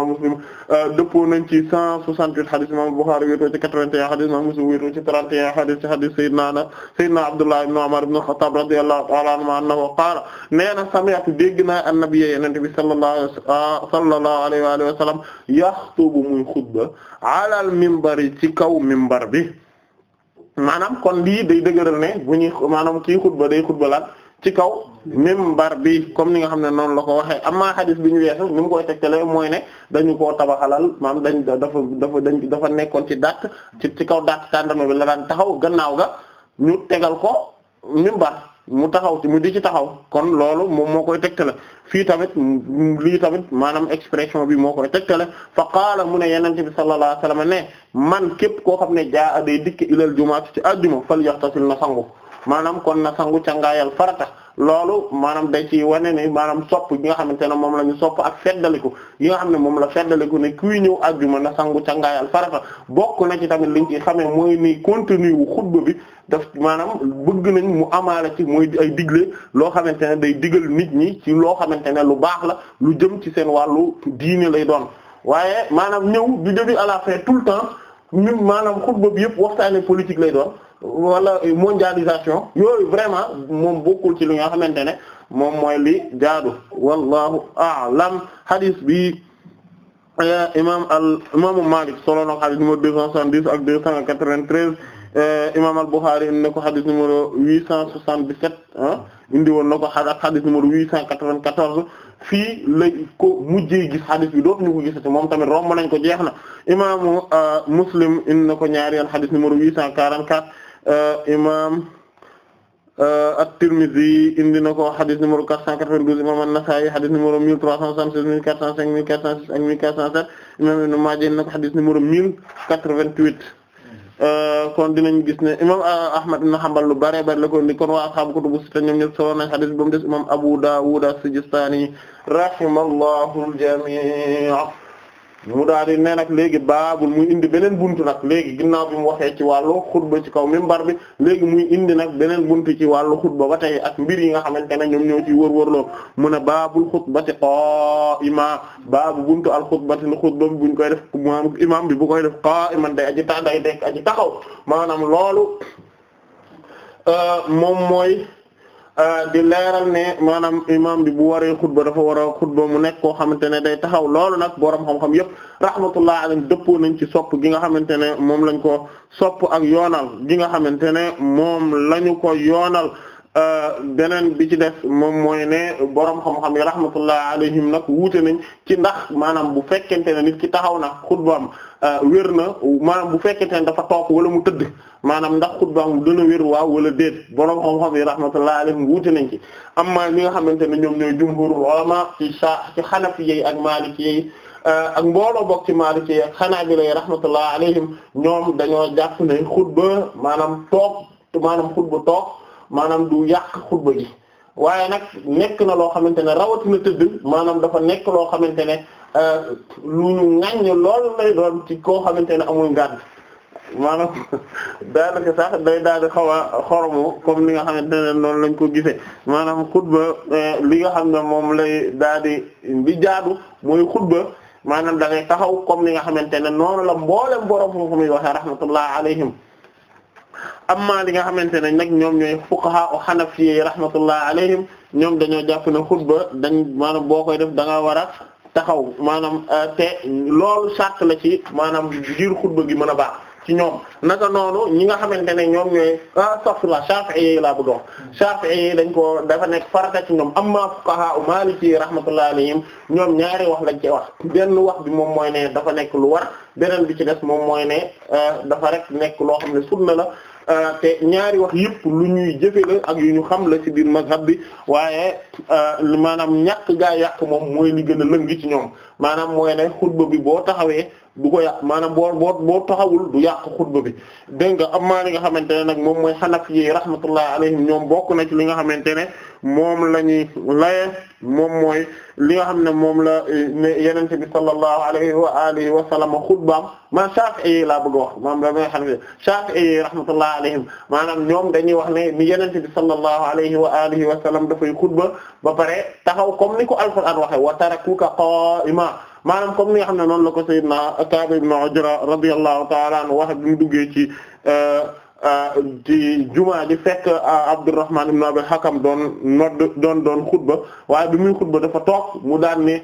Muslim euh, dëppoo nañ ci cent soixante-huit xadis imam Bukhari wéetoo ci 81 xadis imam Muslim wéetoo ci 31 xadis ci xadis sayyidina sayyidina Abdullah ibn Umar ibn al-Khattab radiyallahu ta'ala anhuma annahu qaala nee na sami'tu dégg naa annabiyya yonent bi sallallahu ah, sallallahu alayhi wa alihi wa sallam yaxtubu muy xutba ala al-minbar ci kaw minbar bi maanaam kon lii day dëgëral ne bu ñuy maanaam kii xutba day xutba la ci kaw mimbar bi comme ni nga xam ne noonu la ko waxee amaa xadis bi ñu weesu ni mu koy tegtale mooy ne dañu koo tabaxalal maam dañ dafa dafa dañ dafa nekkoon ci dàq ci kaw dàq tàndama bi la daan taxaw gannaaw ga ñu tegal ko mimbar mu taxaw ci mu di ci taxaw kon loolu moom moo koy tegtale fii tamit lii tamit maanaam expression bi moo koy tegtale fa qaala mu ne yenente bi sallallahu alayhi wasallam ne man képp koo xam ne jaa aday dikk ilal jumaat ci aljuma fal yaxtasil na sangu maanaam kon na sangu cangaayal farata loolu maanaam day ci wane ne maanaam sopp yi nga xamante ne moom la ñu sopp ak feddaliku yi nga xam ne moom la feddaliku ne kuy ñëw àjjuma na sangu cangaayal farata bokk na ci tamit liñ ci xamee mooy ni contenu wu xutba bi daf maanaam bëgg nañ mu amaala ci mooy ay digle loo xamante ne day digal nit ñi ci loo xamante ne lu baax la lu jëm ci seen wàllu diine lay doon waaye maanaam ñëw du début à la fin le temps ñun maanaam xutba bi yëpp waxtaane politique lay doon wala mondialisation yooyu vraiment moom bokkul ci li nga xamante ne moom mooy li jaadu wallahu a'lam hadith bi imam al imaamu Malik solo na ko hadith numéro deux cent soixante-dix ak deux cent quatre-vingt-treize eh, imam al Bukhari indi na ko hadith huit cent soixante-dix-sept ah, indi woon na ko huit cent quatre-vingt-quatorze fii lay ko mujjee gis xadis bi dootuñu ko gisati moom tamit romb nañ ko jeex na imaamu euh, muslim indi na ko ñaari yoon xadis numéro 844 euh, imaam euh, at-Tirmidhi indi na ko xadis numéro 492 imaam an-Nasa'i xadis numéro 1376 1405 1406 ak 1407 imaam Ibn Maaja indi na ko xadis numéro 1088. Euh, kon dinañ gis ne imam euh, Ahmad ibn Hanbal lu bare bare la ko indi kon waa ashaabu kutubu sitta ñoom ñëpp solo nañ hadith bi mu des imam Abu Dawud as rahimallahu al-jami' mu daal di ne léegi baabul muy indi beneen buntu nag léegi ginnaaw bi mu waxee ci wàllu xutba ci kaw minbar bi léegi muy indi nag beneen buntu ci wàllu xutba ba tey ak mbir yi nga xamante ne ñoom ñoo ci wër-wërloo mu ne baabul xutbati qaa'ima baabu buntu al xutbati ne xutba bi buñ koy def imaam bi bu koy def qaa'iman day aji ta day dekk aji taxaw maanaam loolu euh, moom mooy. Euh, di leeral ne maanaam imam bi bu waree xutba dafa war a xutba mu nekk koo xamante ne day taxaw loolu nag borom xam-xam yëpp rahmatullah alayhim dëppoo nañ ci sopp gi nga xamante ne moom lañ ko sopp ak yoonal gi nga xamante ne moom lañu ko yoonal euh, beneen bi ci des moom mooy ne borom xam-xam yi rahmatullah alayhim nag wuute nañ ci ndax maanaam bu fekkente ne nit ki taxaw na xutbaam euh, wér na maanaam bu fekkente ne dafa toog wala mu tëdd maanaam ndax xutbaam dana wér waaw wala déet borom xam-xam yi rahmatullah alayhim wuute nañ ci amma ñi nga xamante ne ñoom ñooy jumhurul ulama ci sa ci xanafi yi ak maliki yi euh, ak mbooloo bokk ci maliki yi ak xanaabila yi rahmatullah alayhim ñoom dañoo jàpp ne xutba maanaam toog maanaam xutba toog maanaam du yàq xutba gi waaye nag nekk na loo xamante ne rawatina tëdd maanaam dafa nekk loo xamante ne euh, lu ñu ŋaññ loolu lay doon ci ko xamante ne amul ngànt maanaam daanaka sax day daal di xaw a xoromu comme ni nga xamante ne noonu lañ ko gisee maanaam xutba eh, li nga xam ne moom lay daal bi jaadu mooy xutba maanaam da taxaw comme li nga xamante ne noonu la mboolem borom xam-xam yi waxee rahmatullah alayhim amma li nga xamante ne nag ñoom ñooy fuqaha o xanafi rahmatullah alayhim ñoom dañoo jàpp ne xutba dañ boo koy def danga nga war a taxaw maanaam eh, te loolu sàrt la ci maanaam ngir xutba gi mën a baax ci ñoom naga noonu ñi nga xamante ne ñoom ñooy astafurlah Shafi'i yi laa bëgg a wax Shafi'i dañ ko dafa nekk farata ci ñoom amma fuqaha Maliki rahmatullahi alayhim ñoom ñaari wax lañ ci wax benn wax bi moom mooy ne dafa nekk lu war beneen bi ci des moom mooy ne ah, dafa rek nekk loo xam ne na la ah, te ñaari wax yëpp lu ñuy jëfe la ak yu ñu xam la ci biir mazhab bi waaye ah, maanaam ñàkk gaa yàq moom mooy li gën a lëng ci ñoom maanaam mooy ne xutba bi boo taxawee du ko yàq maanaam boo boo boo taxawul du yàq xutba bi dégg nga amaa li nga xamante ne nag moom mooy xanafi yi rahmatullahi alayhim ñoom bokk na ci li nga xamante ne moom la ñuy laye moom mooy li nga xam ne moom la eh, ne yenente bi sallallahu alayhi wa alihi wa sallam xutbaam maa Shafi'i yi laa bëgg a wax maam da may xanafi Shafi'i yi rahmatullahi alayhim maanaam ñoom dañuy wax ne ni yenente bi sallallahu alayhi wa alihi wa sallam dafay xutba ba pare taxaw comme ni ko alquran waxe wa tarakuka qaima maanaam comme ni nga xam ne noonu la ko sayyidna Ka'b ibn Ujra radiyallahu ta'ala anhu wax bi mu duggee ci euh, euh, ci jumaa ji fekk a euh, Abdurrahman ibn Abi Hakam doon nodd doon doon xutba waaye bi muy xutba dafa toog mu daan ne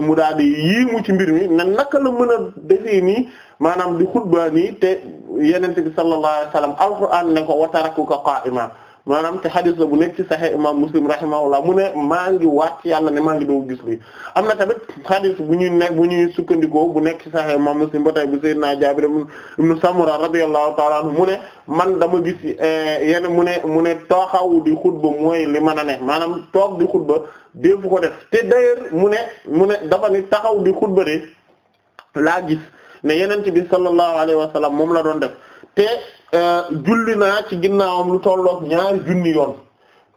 mu daal di yéemu ci mbir mi na naka la mën a defee maanaam di xutba nii te yenente bi sallallahu alayhi wasallam alquran ne ko wa tarakuka qa'iman maanaam te xadis la bu nekk ci Sahih imam Muslim rahimahullah mu ne maa ngi waat ci yàlla ne maa ngi doog gis lii am na tamit xadis bu ñuy nekk bu ñuy sukkandikoo bu nekk ci Sahih imam Muslim ba tay bu naa Jaabir ibn Samura radiyallahu ta'ala anhu mu ne man dama gis eh, yenn mu ne mu ne tooxaw di xutba mooy li mën a ne maanaam toog di xutba dee fu ko def te d'ailleurs mu ne mu ne dafa ni taxaw di xutba de laa gis ne yeneen ci bi sallallahu alayhi wa sallam moom la doon def te euh, julli naa ci ginnaawam lu tollook ñaari junni yoon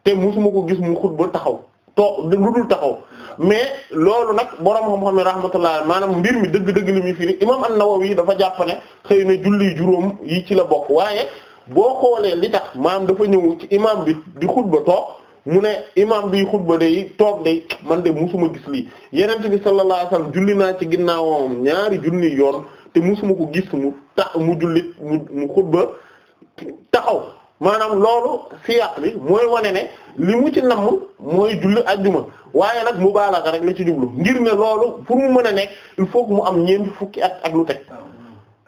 te musuma ko gis mu xutba taxaw to lu dul taxaw mais loolu nag borom xam-xam yi rahmatullah maanaam mbir mi dëgg-dëgg li muy firi na an-Nawawi dafa jàppane xëy na julli juróom yi ci la bokk waaye boo xoolee li tax maam dafa ñëw ci imam bi di xutba toog mu ne imam bi xutba day toog day man de musuma gis lii yenente bi sallallahu alayhi wasallam julli naa ci ginnaawam ñaari junni yoon te musuma ko gis mu tax mu jullit mu mu xutba taxaw maanaam loolu siyaq bi mooy wane ne li mu ci nam namm mooy julli ajjuma waaye nag mu mubaalaga rek la ci jublu ngir ne loolu pour mu mën a nekk il faut mu am ñeent fukki at ak lu teg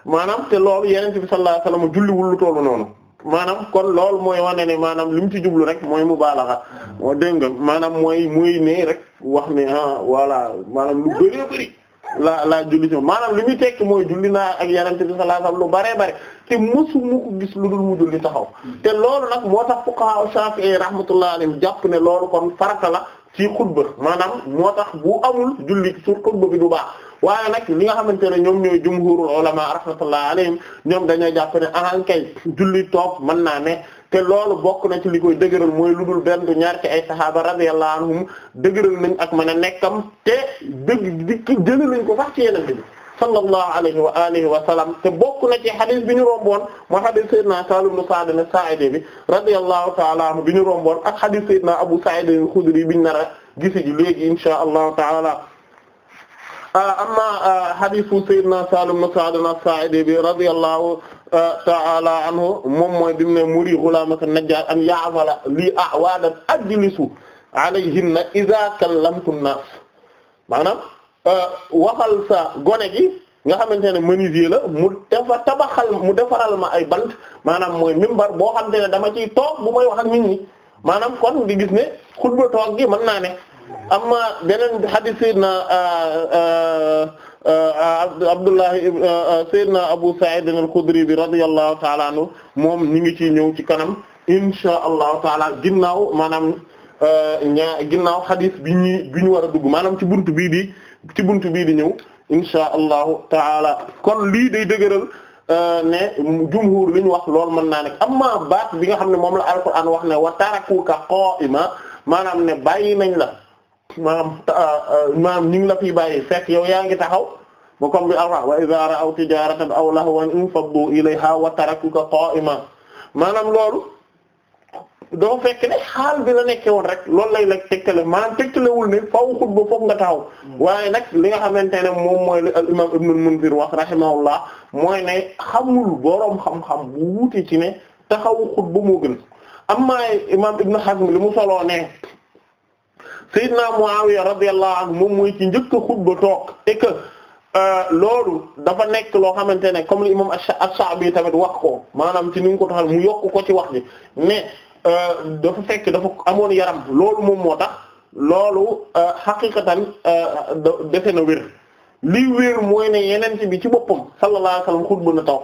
maanaam te loolu yeneen bi sallallahu alayhi wasallam julliwul lu tollu noonu maanaam kon loolu mooy wane ne maanaam li mu ci jublu rek mooy mu baala mubaalaga moo dégg maanaam mooy muy ne rek wax mi ah voilà maanaam lu bari bari la la julli ci maanaam li muy tekki mooy julli naa ak yenente bi sallallahu alayhi wasallam lu bare bare te mësu mu ko gis lu dul mu julli taxaw te loolu nag moo tax fuqaha Shafi'i rahmatullahi alayhim jàpp ne loolu kon farata la ci xutba maanaam moo tax bu amul julli sur xutba bi du baax waaye nag li nga xamante ne ñoom ñooy jumhurul ulama rahmatullahi alayhim ñoom dañoo jàpp ne ahan kay julli toog mën naa ne te loolu bokk na ci li koy dëgëral mooy lu dul benn du ñaar ci ay sahaaba radiyallahu anhum dëgëral nañ ak mën a nekkam te dëgg dikki jëli nañ ko sax ci yeneen bi sallallahu alayhi wa alihi wa sallam te bokk na ci xadis bi ñu romboon mooy xadis sayyidina Salim ibn Sa'd as-Sa'idi bi radiyallahu ta'ala anhu bi ñu romboon ak xadis sayyidina Abu Sa'id al-Khudri bi ñu nar a gisi ji taala amma hadiisu Seydina Saalim ibn Sa'd as-Saa'idi bi radiyallahu ta'ala anhu moom mooy bi mu ne muri ghulaamaka najjaar an ya'mala lii a'waadan ajlisu alayhinna idhaa kallamtu maanaam waxal sa gone gi nga xamante ne menuisier la mu tabaxal mu defaral ma ay bant maanaam mooy mimbar boo xamante ne dama ciy toog bu may wax ak nit ñi maanaam kon di gis ne xutba toog gi mën naa ne. amma beneen hadith sayyidina uh, uh, uh, Abdullah sayyidina Abu Sa'id al-Khudri bi radiyallahu ta'ala anhu moom ñu ngi ci ñëw ci kanam insha allahu taala ginnaaw maanaam ñaa ginnaaw hadith bi ñu bi ñu war a dugg maanaam ci buntu bii di ci buntu bii di ñëw insha allahu taala kon lii day dëgëral ne jumhur li ñu wax loolu mën naa nekk amma baat bi nga xam ne moom la alquran wax ne wa tarakuka qaa'ima maanaam ne bàyyi nañ la maam ah, ah, maam ñu ngi la fi bàyyi fekk yow yaa ngi taxaw mu comme bi alwa wa idha ra'aw tijaratan aw lahwan infaddu ilayha wa tarakuka qa'iman maanaam loolu doo fekk ne xaal bi la nekkee woon rek loolu lay lay tegtale maanaam tegtalewul ne faw xutba foog nga taxaw hmm. waaye nag li nga xamante ne moom mooy li al imam ibnul munzir wax rahimahullah mooy ne xamul boroom xam-xam bu wuute ci ne taxaw xutba moo ibnu hazm li mu ne Seydina Muawiya radiyallahu anhu moom mooy ci njëkk a xutba toog et que euh, loolu dafa nekk loo xamante ne comme li imam Ash-Sha'bi tamit wax ko maanaam ci ni mu ko taxal mu yokku ko ci wax ji mais euh, dafa fekk dafa amoon yaram loolu moom moo tax loolu euh, xaqiqatan defe na wér li wér mooy ne yeneen ci bi ci boppam sallallahu alayhi wasallam xutba na toog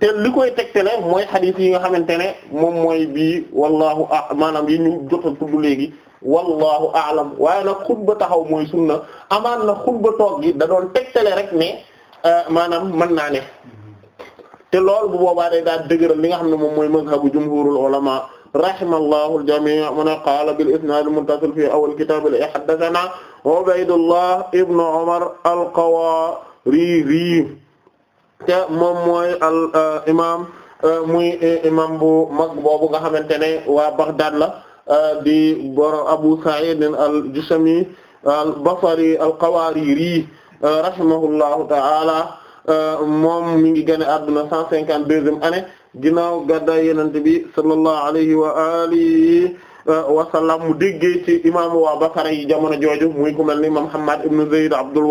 te li koy tegtale mooy xadiis yi nga xamante ne moom mooy bii wallahu ah maanaam yi ñu jot a tudd léegi wallahu a'lam waaye nag xutba taxaw muy sunna amaan na xutba toog gi da doon tegtale rek ne euh, maanaam mën naa ne te loolu bu boobaa day daal dëgëral li nga xam ne moom mooy mazhabu jumhurul ulama rahimallahu al-jami' mu ne qaala bil isnad al-muttasil fi awwal kitab li haddathana Ubaydullah ibn Umar al-Qawariri te moom mooy al euh, imam euh, muy imam bu mag boobu nga xamante ne waa Baghdad la Euh, di borom Abu Sa'id al-Jushami al-Basri al-Qawariri euh, rahimahullahu ta'ala euh, moom mi ngi génn àdduna 152e année ginnaaw gàddaay Yonent bi sallallahu alayhi wa alihi wa sallam mu déggee ci waa Basra yi jamono jooju muy ku mel ni Muhammad ibn Zayd Abdul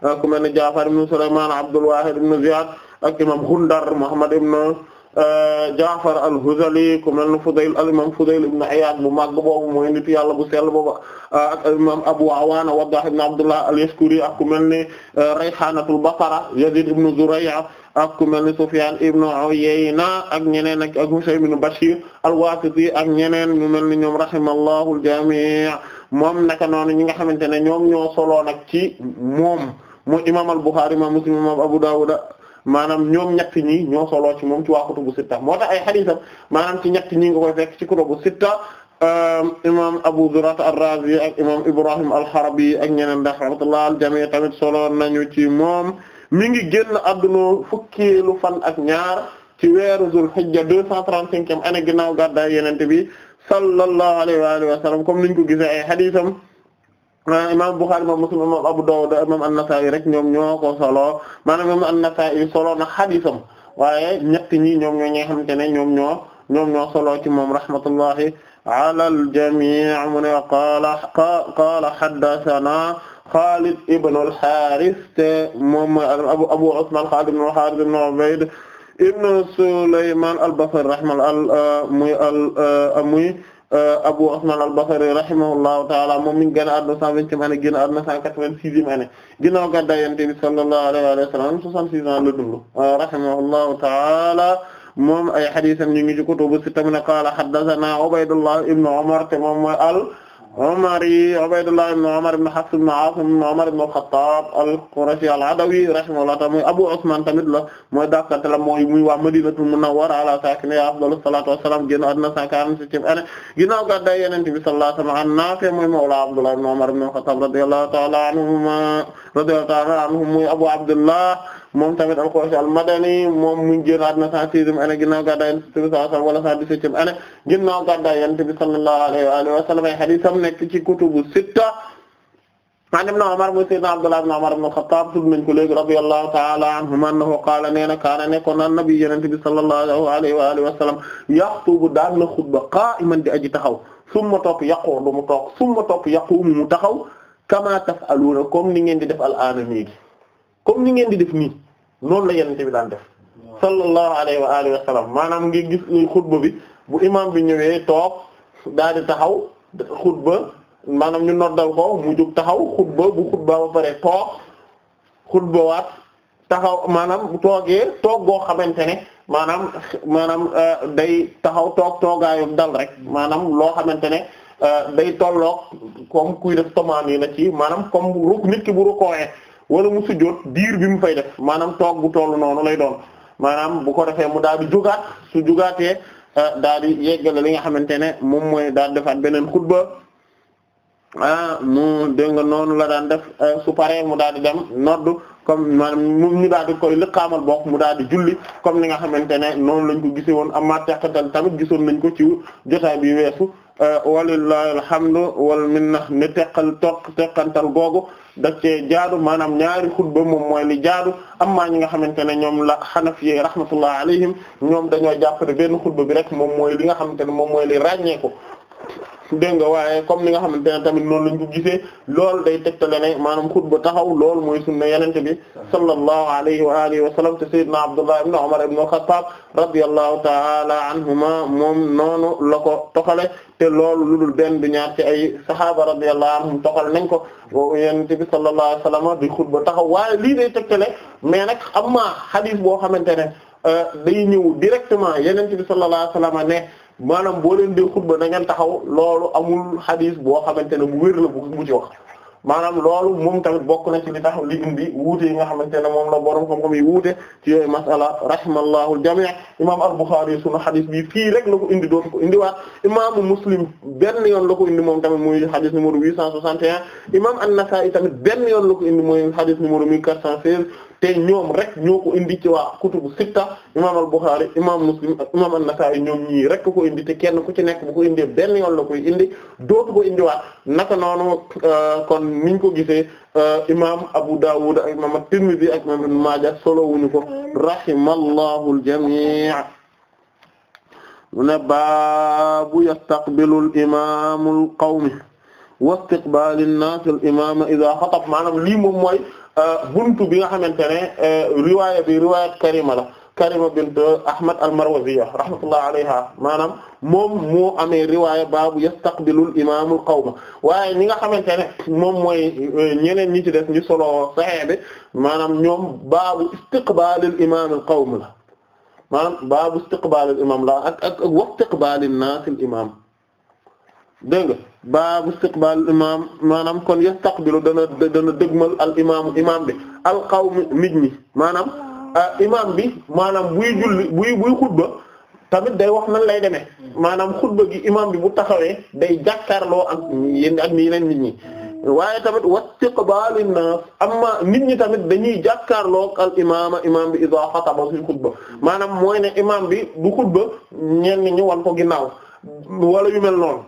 ku mel ni ibn Sulayman Abdul ibn Ziyad ak imam Gundar Muhammad ibn Euh, Jaafar al-Huzali ku mel ne Fudayl al-imam Fudayl ibn Iyad mu màgg boobu mooy nitu yàlla bu sell boobu euh, ak al-imam Abu Awaana Waddah ibn Abdullah al-Yaskuri ak ku mel ni ne euh, Rayhaanatul Basra Yazid ibn Zuray' ak ku mel ni Sufyan ibn Uyayna ak ñeneen ak Husaym ibn Bashir al-Wasiti ak ñeneen ñu mel ni ñoom rahimallahu al-jami' mom naka noonu ñi nga xamante ne ñoom ñoo solo nag ci moom mu imam al-Bukhari imam Muslim imam Abu Dawud maanaam ñoom ñett ñi ñoo soloo ci moom ci waa bu sitta moo tax ay xadiisam maanaam ci ñett ñi nga koy fekk ci kutubu sitta euh, imam Abu Zur'a ar-Razi ak imam Ibrahim al-Harabi ak ñeneen ndax rahmatullah al-jami' tamit solo nañu ci moom mi ngi génn adduna fukkeelu fan ak ñaar ci weeru Zul Hijja deux cent trente-cinquième année ginnaaw gàddaay Yonent bi sallallahu alayhi wa alihi wa sallam comme niñ ko gisee ay xadiisam Euh, imam Bukhari imam Muslim Abu Dawud imam An-Nasa'i rek ñoom ñoo ko solo maanaam imam An-Nasa'i solo na xadisam waaye ñetti ñi ñoom ñoo ñi xamante ne ñoom ñoo ñoo solo ci moom rahmatullahi ala al-jami' mu ne qaala qaala haddathana Khalid ibn al-Harith te moom Abu Abu Uthman Khalid ibn al-Harith ibn Ubayd ibn Sulayman al-Basri rahimahullah euh, muy al euh, muy Euh, Abu Usman al-Basri rahimahullahu ta'ala moom mi ngi génn àdduna 120 ane génn àdduna 186 ane ginnaaw gàddaay Yonent bi sallallahu alayhi wa sallam 66 la dund euh, rahimahullahu ta'ala moom ay hadiisam ñu ngi ci kutubu sitta qaala haddathanaa Ubaydullah ibn Umar te moom mooy al Umar yi Ubaydullah ibn Umar ibn Hafs ibn Aasim ibn Umar ibn al-Khattab al-Qurashi al-Adawi rahimahullah tamit Abu Usman tamit la mooy daafkante la mooy muy waa Madinatul Munawwara ala saakinihaa afdalu salaatu wa salaam génn àdduna 147 année ginnaaw gàddaay Yonent bi sallallahu alayhi wa sallam Naafi' mooy mawla Abdullah ibn Umar ibn al-Khattab radiyallahu ta'ala anhuma radiyallahu ta'ala anhum muy Abu Abdullah moom tamit al-Qurashi al-Madani moom mu ngi génn àdduna 106e année ginnaaw gàddaay Yonent bi sallallahu alayhi wa sallam wala 117e année ginnaaw gàddaay Yonent bi sallallahu alayhi wa alihi wa sallam ay hadiisam nekk ci kutubu sitta an ibn Umar mu sayyidina Abdullah ibn Umar ibn al-Khattab tudd nañ ko léegi radiyallahu ta'ala anhuma annahu qaala nee na kaana nekkoon na nabi Yonent bi sallallahu alayhi wa alihi wa sallam yaxtubu daan na xutba qaa'iman di aji taxaw summa topp yaquudu mu toog summa topp yaquumu mu taxaw kamaa taf'aluuna comme ni ngeen di def al-aana léegi comme ni ngeen di def nii noonu la yenente bi daal def sallallahu alayhi wa alihi maanaam ngi gis xutba bi bu imam bi ñëwee toog daal di taxaw xutba maanaam ñu noddal ko mu jóg taxaw xutba bu xutba ba pare toog xutba waat taxaw maanaam bu toogee toog goo xamante ne maanaam maanaam euh, day taxaw toog toogaayu dal rek maanaam loo xamante ne euh, day tolloog comme kuy def tomaan yi na ci maanaam comme ruk nit ki bu rukkooyee wala mu sujjóot diir bi mu fay def maanaam toog bu toll noonu lay doon maanaam bu ko defee mu daal di jógaat su jógaatee eh, daal di yeggale li nga xamante ne moom mooy daal defaat beneen xutba ah mu dégg nga noonu la daan def eh, su paree mu daal di dem noddu comme maanaam moom ñu daal di koy lëkkaamal bokk mu daal di julli comme ni nga xamante ne noonu lañ ko gisee woon amaa teqatal tamit gisoon nañ ko ci jotaay bi weesu eh, walillahi alhamdu wal minna ne teqal toq teqantal googu daf cee jaadu maanaam ñaari xutba moom mooy li jaadu amma ñi nga xamante ne ñoom la xanafi rahmatullah alayhim ñoom dañoo jàpp ne benn xutba bi rek moom mooy li nga xamante ne moom mooy li ràññee ko nga waaye comme ni nga xamante ne tamit noonu lañ ko lool loolu day tegtale ne maanaam xutba taxaw lool mooy sunna yenente bi sallallahu alayhi wa alihi wa sallam te sayyidna Abdullah ibn Umar ibn Khattab radiyallahu ta'ala anhuma moom noonu la ko toxale loolu lu dul benn du ñaar ci ay sahaaba radiyallahu anhum toxal nañ ko yonent bi sallallahu alayhi wasallam di xutba taxaw waaye lii day tegtale mais nag am na xadis boo xamante ne euh, day ñëw directement yonent bi sallallahu alayhi wasallam ne maanaam boo leen di xutba na ngeen taxaw loolu amul xadis boo xamante ne bu wér la bu bu wax maanaam loolu moom tamit bokk na ci li li indi wuute yi nga xamante ne moom la borom xam-xam yi wuute ci yooyu masala rahimallahu al-jami' imam al-Bukhari sunu xadis bi fii rek la ko indi dootu ko indiwaat imaamu Muslim benn yoon la ko indi moom tamit muy xadis numéro 861 imam an-Nasa'i tamit benn yoon la ko indi mooy xadis numéro 1416 te ñoom rek ñoo ko indi ci waa kutubu sitta imaam al-Bukhari imaam Muslim imaam an-Nasa'i ñoom ñii rek ko indi te kenn ku ci nekk bu ko indee benn yoon la koy indi dootu ko indiwaat naka noonu euh, kon niñ ko gisee euh, imaam Abu Dawud ak imaam at-Tirmidhi ak Maaja solo wuñu ko rahimallahu al-jami' mu ne baabu yastaqbilu al-imaamu al wa istiqbaalu an al-imaama idhaa khatab maanaam lii moom mooy Euh, buntu bi nga xamante ne euh, riwaaya bi riwaaya Karima la Karima bint Ahmad al-Marwaziyya rahmatullah alayha maanaam moom moo amee riwaaya baabu yastaqbilul imaamul qawma waaye ñi nga xamante ne moom mooy euh, ñeneen ñi ci def ñu solo Sahih bi maanaam ñoom baabu istiqbaalil imaamil qawm la maanaam baabu istiqbaalil imaam la ak ak waqtiqbaalin naasil imaam. dégg nga baabu istiqbaal imaam maanaam kon yastaqbilu dana dana dëgmal al imaamu imaam bi al qawmi nit ñi maanaam ah. Ah, imaam bi maanaam buy julli buy buy xutba tamit day wax nan lay demee maanaam xutba gi imaam bi bu taxawee day jàkkaarloo ak yenn ak yeneen nit ñi waaye tamit wastiqbaalin naas ma nit ñi tamit dañuy jàkkaarloo al imaama imaam bi idaa xataba suy xutba maanaam mooy ne imaam bi du xutba ñenn ñi wan ko ginnaaw wala yu mel noonu.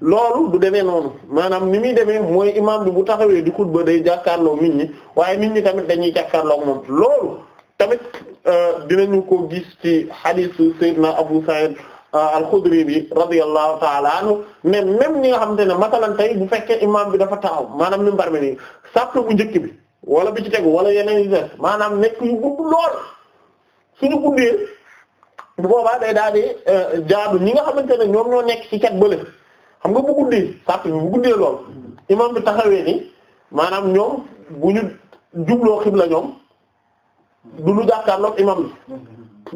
loolu du demee noonu maanaam ni muy demee mooy imaam bi bu taxawee di ba day jàkkaarloo nit ñi waaye nit ñi tamit dañuy jàkkaarloo moom loolu tamit euh, dinañu ko gis ci hadith Seydina Abu Sa'id euh, al-Khudri bi radiyallahu ta'ala anhu même ñi nga xamante ne masalan tey bu fekkee imaam bi dafa taxaw maanaam ni mu barme nii sàpp bu njëkk bi wala bi ci tegu wala yeneen yi des maanaam nekk yu gudd lool suñu guddee bu boobaa day daal di euh, jaadu ñi nga xamante ne ñoom ñoo nekk ci cat bële. xam nga bu guddee sàpp bi bu guddee lool imam bi taxawee ni maanaam ñoom bu ñu jubloo xibla ñoom du ñu jàkkaarloog imam bi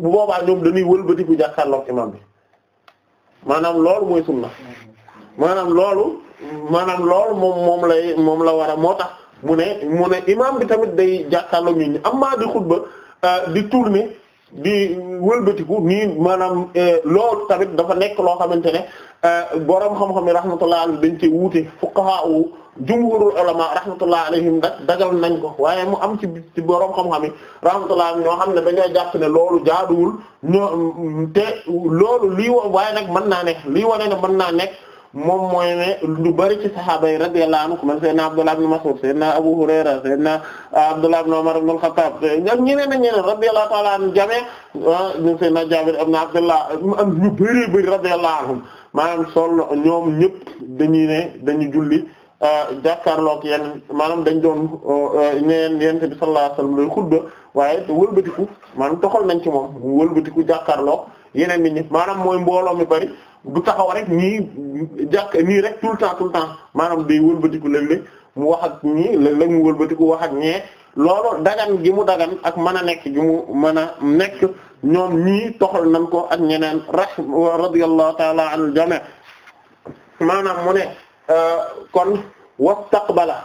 bu boobaa ñoom dañuy wëlbatiku jàkkaarloog imam bi maanaam loolu mooy sunna maanaam loolu maanaam loolu moom moom lay moom la war a moo tax mu ne mu ne imam bi tamit day jàkkaarloog nit ñi am maa di xutba euh, di tourner di wëlbatiku nii maanaam eh, loolu tamit dafa nekk loo xamante ne eh, borom xam-xam yi rahmatullah alayhim dañ ci wuute fuqaha jumhurul ulama rahmatullah alayhim da dagal nañ ko waaye mu am ci ci borom xam-xam yi rahmatullah alayhim ñoo xam ne dañoo jàpp ne loolu jaaduwul ñoo te loolu lii wa waaye nag mën naa nekk lii wane ne mën naa nekk. moom mooy ne lu bari ci sahaaba yi radiyallahu anhum man sayyidina Abdullah ibn Mas'ud sayyidina Abu Hurayra sayyidina Abdullah ibn Umar ibn al-Khattab ak ñeneen ak ñeneen radiyallahu ta'ala anhum jame ah, ñu sayyidina Jaabir ibn Abdullah am ñu bari bari radiyallahu anhum maanaam sol ñoom ñëpp dañuy ne dañu julli ah, jàkkaarloog yenn maanaam dañ doon ñeen ah, yent bi sallallahu alayhi wasallam lay xutba waaye wëlbatiku maanaam toxal nañ ci moom wëlbatiku jàkkaarloog yeneen nit ñi maanaam mooy mbooloo mi bari du taxaw rek ñii jàkk nii rek tout temps tout le temps maanaam day wëlbatiku léeg mu wax ak ñii léeg-léeg mu wëlbatiku wax ak ñee loolu dagan gi mu dagan ak mën a nekk gi mu mën a nekk ñoom ñii toxal nañ ko ak ñeneen radiyallahu ta'ala anil jami' maanaam mu ne euh, kon wastaqbala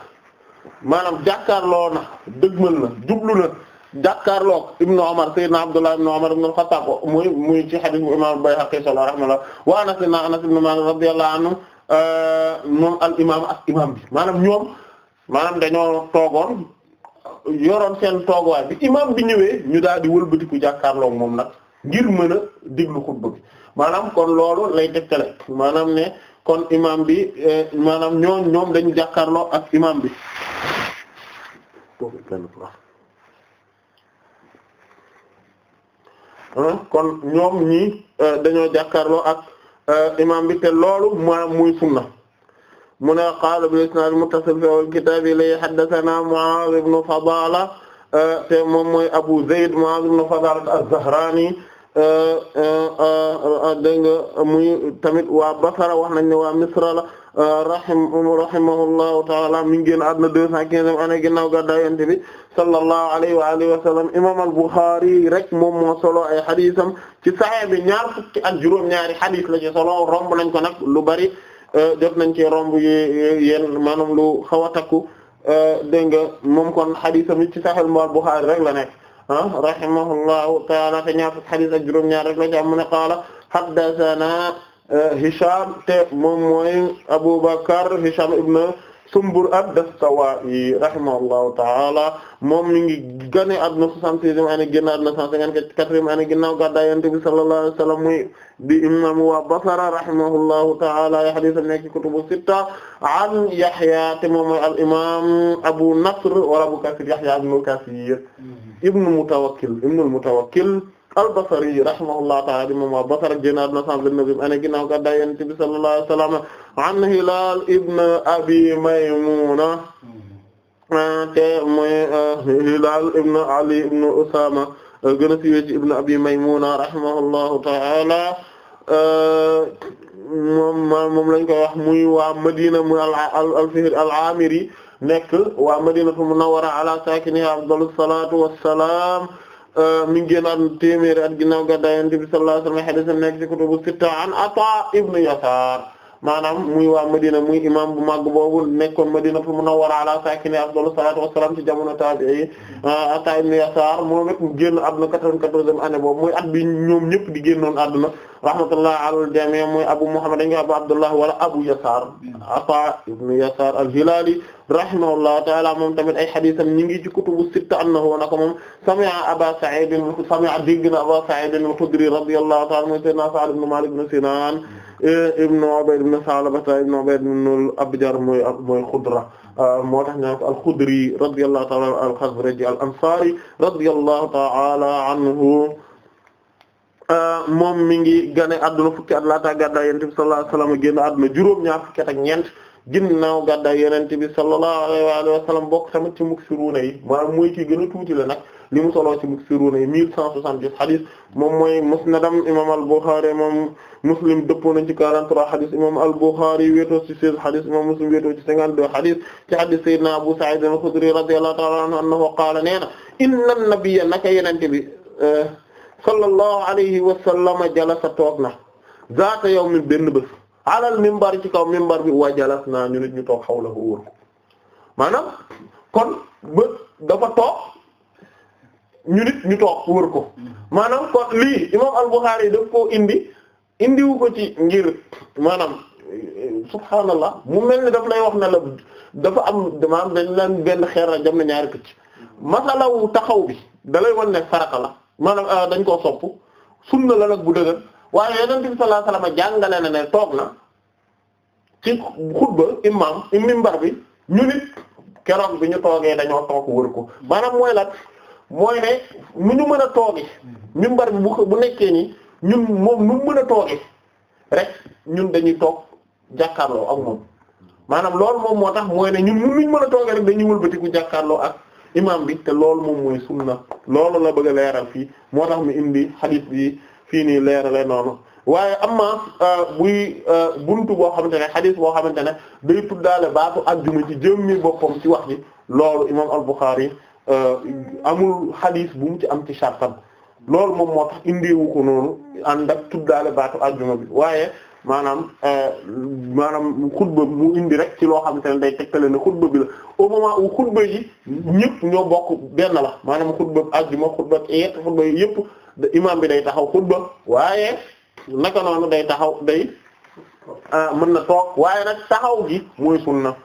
maanaam jàkkaarloo na dëgmal na jublu na jàkkaarloog ibnu Umar sayyidina Abdullah ibnu Umar ibnu al muy muy ci hadith bu imam Bayhaqi solo rahimahullah wa Anas ibn Anas ibn Malik radiyallahu anhu euh, moom al imam ak imam bi maanaam ñoom maanaam dañoo toogoon yoroon seen tooguwaay bi imam bi ñëwee ñu daal di wëlbatiku jàkkaarloog moom nag ngir mën diglu déglu xutba maanaam kon loolu lay tegtale maanaam ne kon imam bi euh, maanaam ñoom ñoom dañu jàkkaarloo ak imam bi kon ñoom ñii euh, dañoo jàkkaarloo ak euh, imam bi te loolu maanaam muy sunna mu ne qaala bil isnaad muttasil fi al kitaab li haddathana Mu'aaz ibn Fadaala euh, te moom mooy Abu Zayd Mu'aaz ibn Fadaala az-Zahraani dégg nga muy tamit waa Basra wax nañ ne waa Misra rahim rahimahullahu taala mi ngi génn àdduna deux cent quinze année ginnaaw gàddaay Yonent bi sallallahu alayhi wa alihi wa al-Bukhari rek moom moo solo ay xadisam ci Sahih bi ñaar fukki ak juróom-ñaari xadis la ci solo romb nañ ko nag lu bari euh, jot nañ ci romb yi yéen maanaam lu xaw a takku euh, dégg nga moom kon xadisam ci Sahih al-Bukhari rek la nekk ah rahimahullahu taala te ñaar fukki xadis ak juróom-ñaari rek la ci am ne qaala haddathana Euh, Hisham te moom mooy Aboubacar Hisham ibn Sumbur ad-Dastuwaa'i rahimahullahu ta'ala moom mi ngi gane àdduna 66e année génn àdduna 154e année ginnaaw gàddaay Yonent bi sallallahu alayhi wa sallam muy di imam wa Basra rahimahullahu ta'ala ay hadiis nekk ci kutubu sitta an Yahya te moom mooy al-imam Abu Nasr wala Abu Kasir Yahya ibn Kasir ibn mm-hmm. Mutawakkil ibn al-Mutawakkil al-Basri rahimahullahu ta'ala di moom waa Basra génnaat na cent vingt-neuvième année ginnaaw gàddaay Yonent bi sallallahu alayhi wa sallam an Hilaal ibn Abi Maymuna te mooy euh, Hilaal ibn Ali ibn Usaama gën a siiwee ci ibn Abi Maymuna rahimahullahu ta'ala euh, moom moom lañ koy wax muy waa Madina mu al-Fihri al-Aamiri nekk waa Madinatu Munawwara ala saakinihaa afdalu salaatu wassalaam mi ngi génnoon téeméeri at ginnaaw gàddaay Yonent bi sallallahu alayhi wa sallam hadiisam nekk ci kutubu sitta an Ataa ibn Yasaar maanaam muy waa Madina muy imam bu màgg boobu nekkoon Madinatul Munawwara ala saakini afdalu salaatu wassalaam ci jamono taabi'i ah, Ataa ibn Yasaar moom it mu génn àdduna 94e année boobu muy at bi ñoom ñëpp di génnoon àdduna rahmatullah alal jami' mooy Abu Muhammad dañ ko Abu Abdullah wala Abu Yasar Ata ibn Yasar al-Hilali rahimahullahu ta'ala moom tamit ay xadisam ñi ngi ci kutubu sitta annahu naka moom sami'a Aba Sa'id sami'a dégg na Aba Sa'id al-Khudri radiyallahu ta'ala mooy sayyidina Sa'd ibn Malik ibn Sinan ibn Ubayd ibn Salaba ibn Ubayd ibn al-Abjar mooy mooy Khudra moo tax ñu ko al-Khudri radiyallahu ta'ala al-Khazraji al-Ansari radiyallahu ta'ala anhu Euh, moom mi ngi gane adduna fukki at laata gàddaay yonent bi sallallahu alayhi wa sallam génn adduna juróom-ñaar fukki at ak ñeent ginnaaw gàddaay yonent bi sallallahu wa sallam bokk tamit ci muksiruuna yi maanaam mooy kii gën tuuti la nag li mu soloo ci muksiruuna yi mille cent soixante-dix hadis moom mooy musnadam imam al-Bukhari Muslim dëppoo nañ ci 43 hadis imam al-Bukhari wéetoo ci 16 hadis imam Muslim wéetoo ci 52 hadis ci hadis sayyidina Abu Sa'id al-Khudri radiyallahu ta'ala anhu annahu qaala nee na inna sallallahu alayhi wa sallama jalasa toog na zaata yawmin benn bés alal minbar ci kaw mimbar bi waa jalas naa ñu nit ñu toog xawla ko wóor ko maanaam kon bés dafa toog ñu ñu toog wër ko maanaam kon lii imam al yi daf koo indi indiwu ko ci ngir maanaam subhaanallah mu mel ni daf lay wax ne la dafa am dama dañ lan benn xeer la jam na ñaari picc masalawu taxaw bi da lay wan ne la maanaam euh, dañ koo sopp sunna la nag bu dëgër waaye yonent bi sallallahu alayhi wasallam jàngale na ne toog na ci xutba imam imimbar bi ñu nit keroog bi ñu toogee dañoo toog wër ko maanaam mooy lan mooy ne nu ñu mën a tooge mimbar bi bu bu nekkee nii ñun moom a tooge rek ñun dañuy toog jàkkaarloo ak moom maanaam loolu moom moo tax mooy ne ñun nu ñu mën a tooge rek dañuy wëlbatiku jàkkaarloo ak imam bi te loolu moom mooy sunna loolu la bëgg leeral fii moo tax mu indi xadis bi fii nii leerale noonu waaye amma buy euh, euh, buntu boo xamante ne xadis boo xamante ne day tuddaale baatu ajjuma ci jëmmi boppam ci wax ji loolu imam al-Bukhari euh, amul xadis bu mu ci am ci shartam loolu moom moo tax indiwu ko noonu ànd ak tuddaale baatu ajjuma bi waaye maanaam euh, maanaam xutba mu indi rek ci loo xamante ne day tegtale na xutba bi la au moment où xutba yi ñëpp ñoo bokk benn la maanaam xutba ajjuma xutba eet xutba yëpp imaam bi day taxaw xutba waaye naka noonu day taxaw day euh, mën na toog waaye na taxaw gi mooy sunna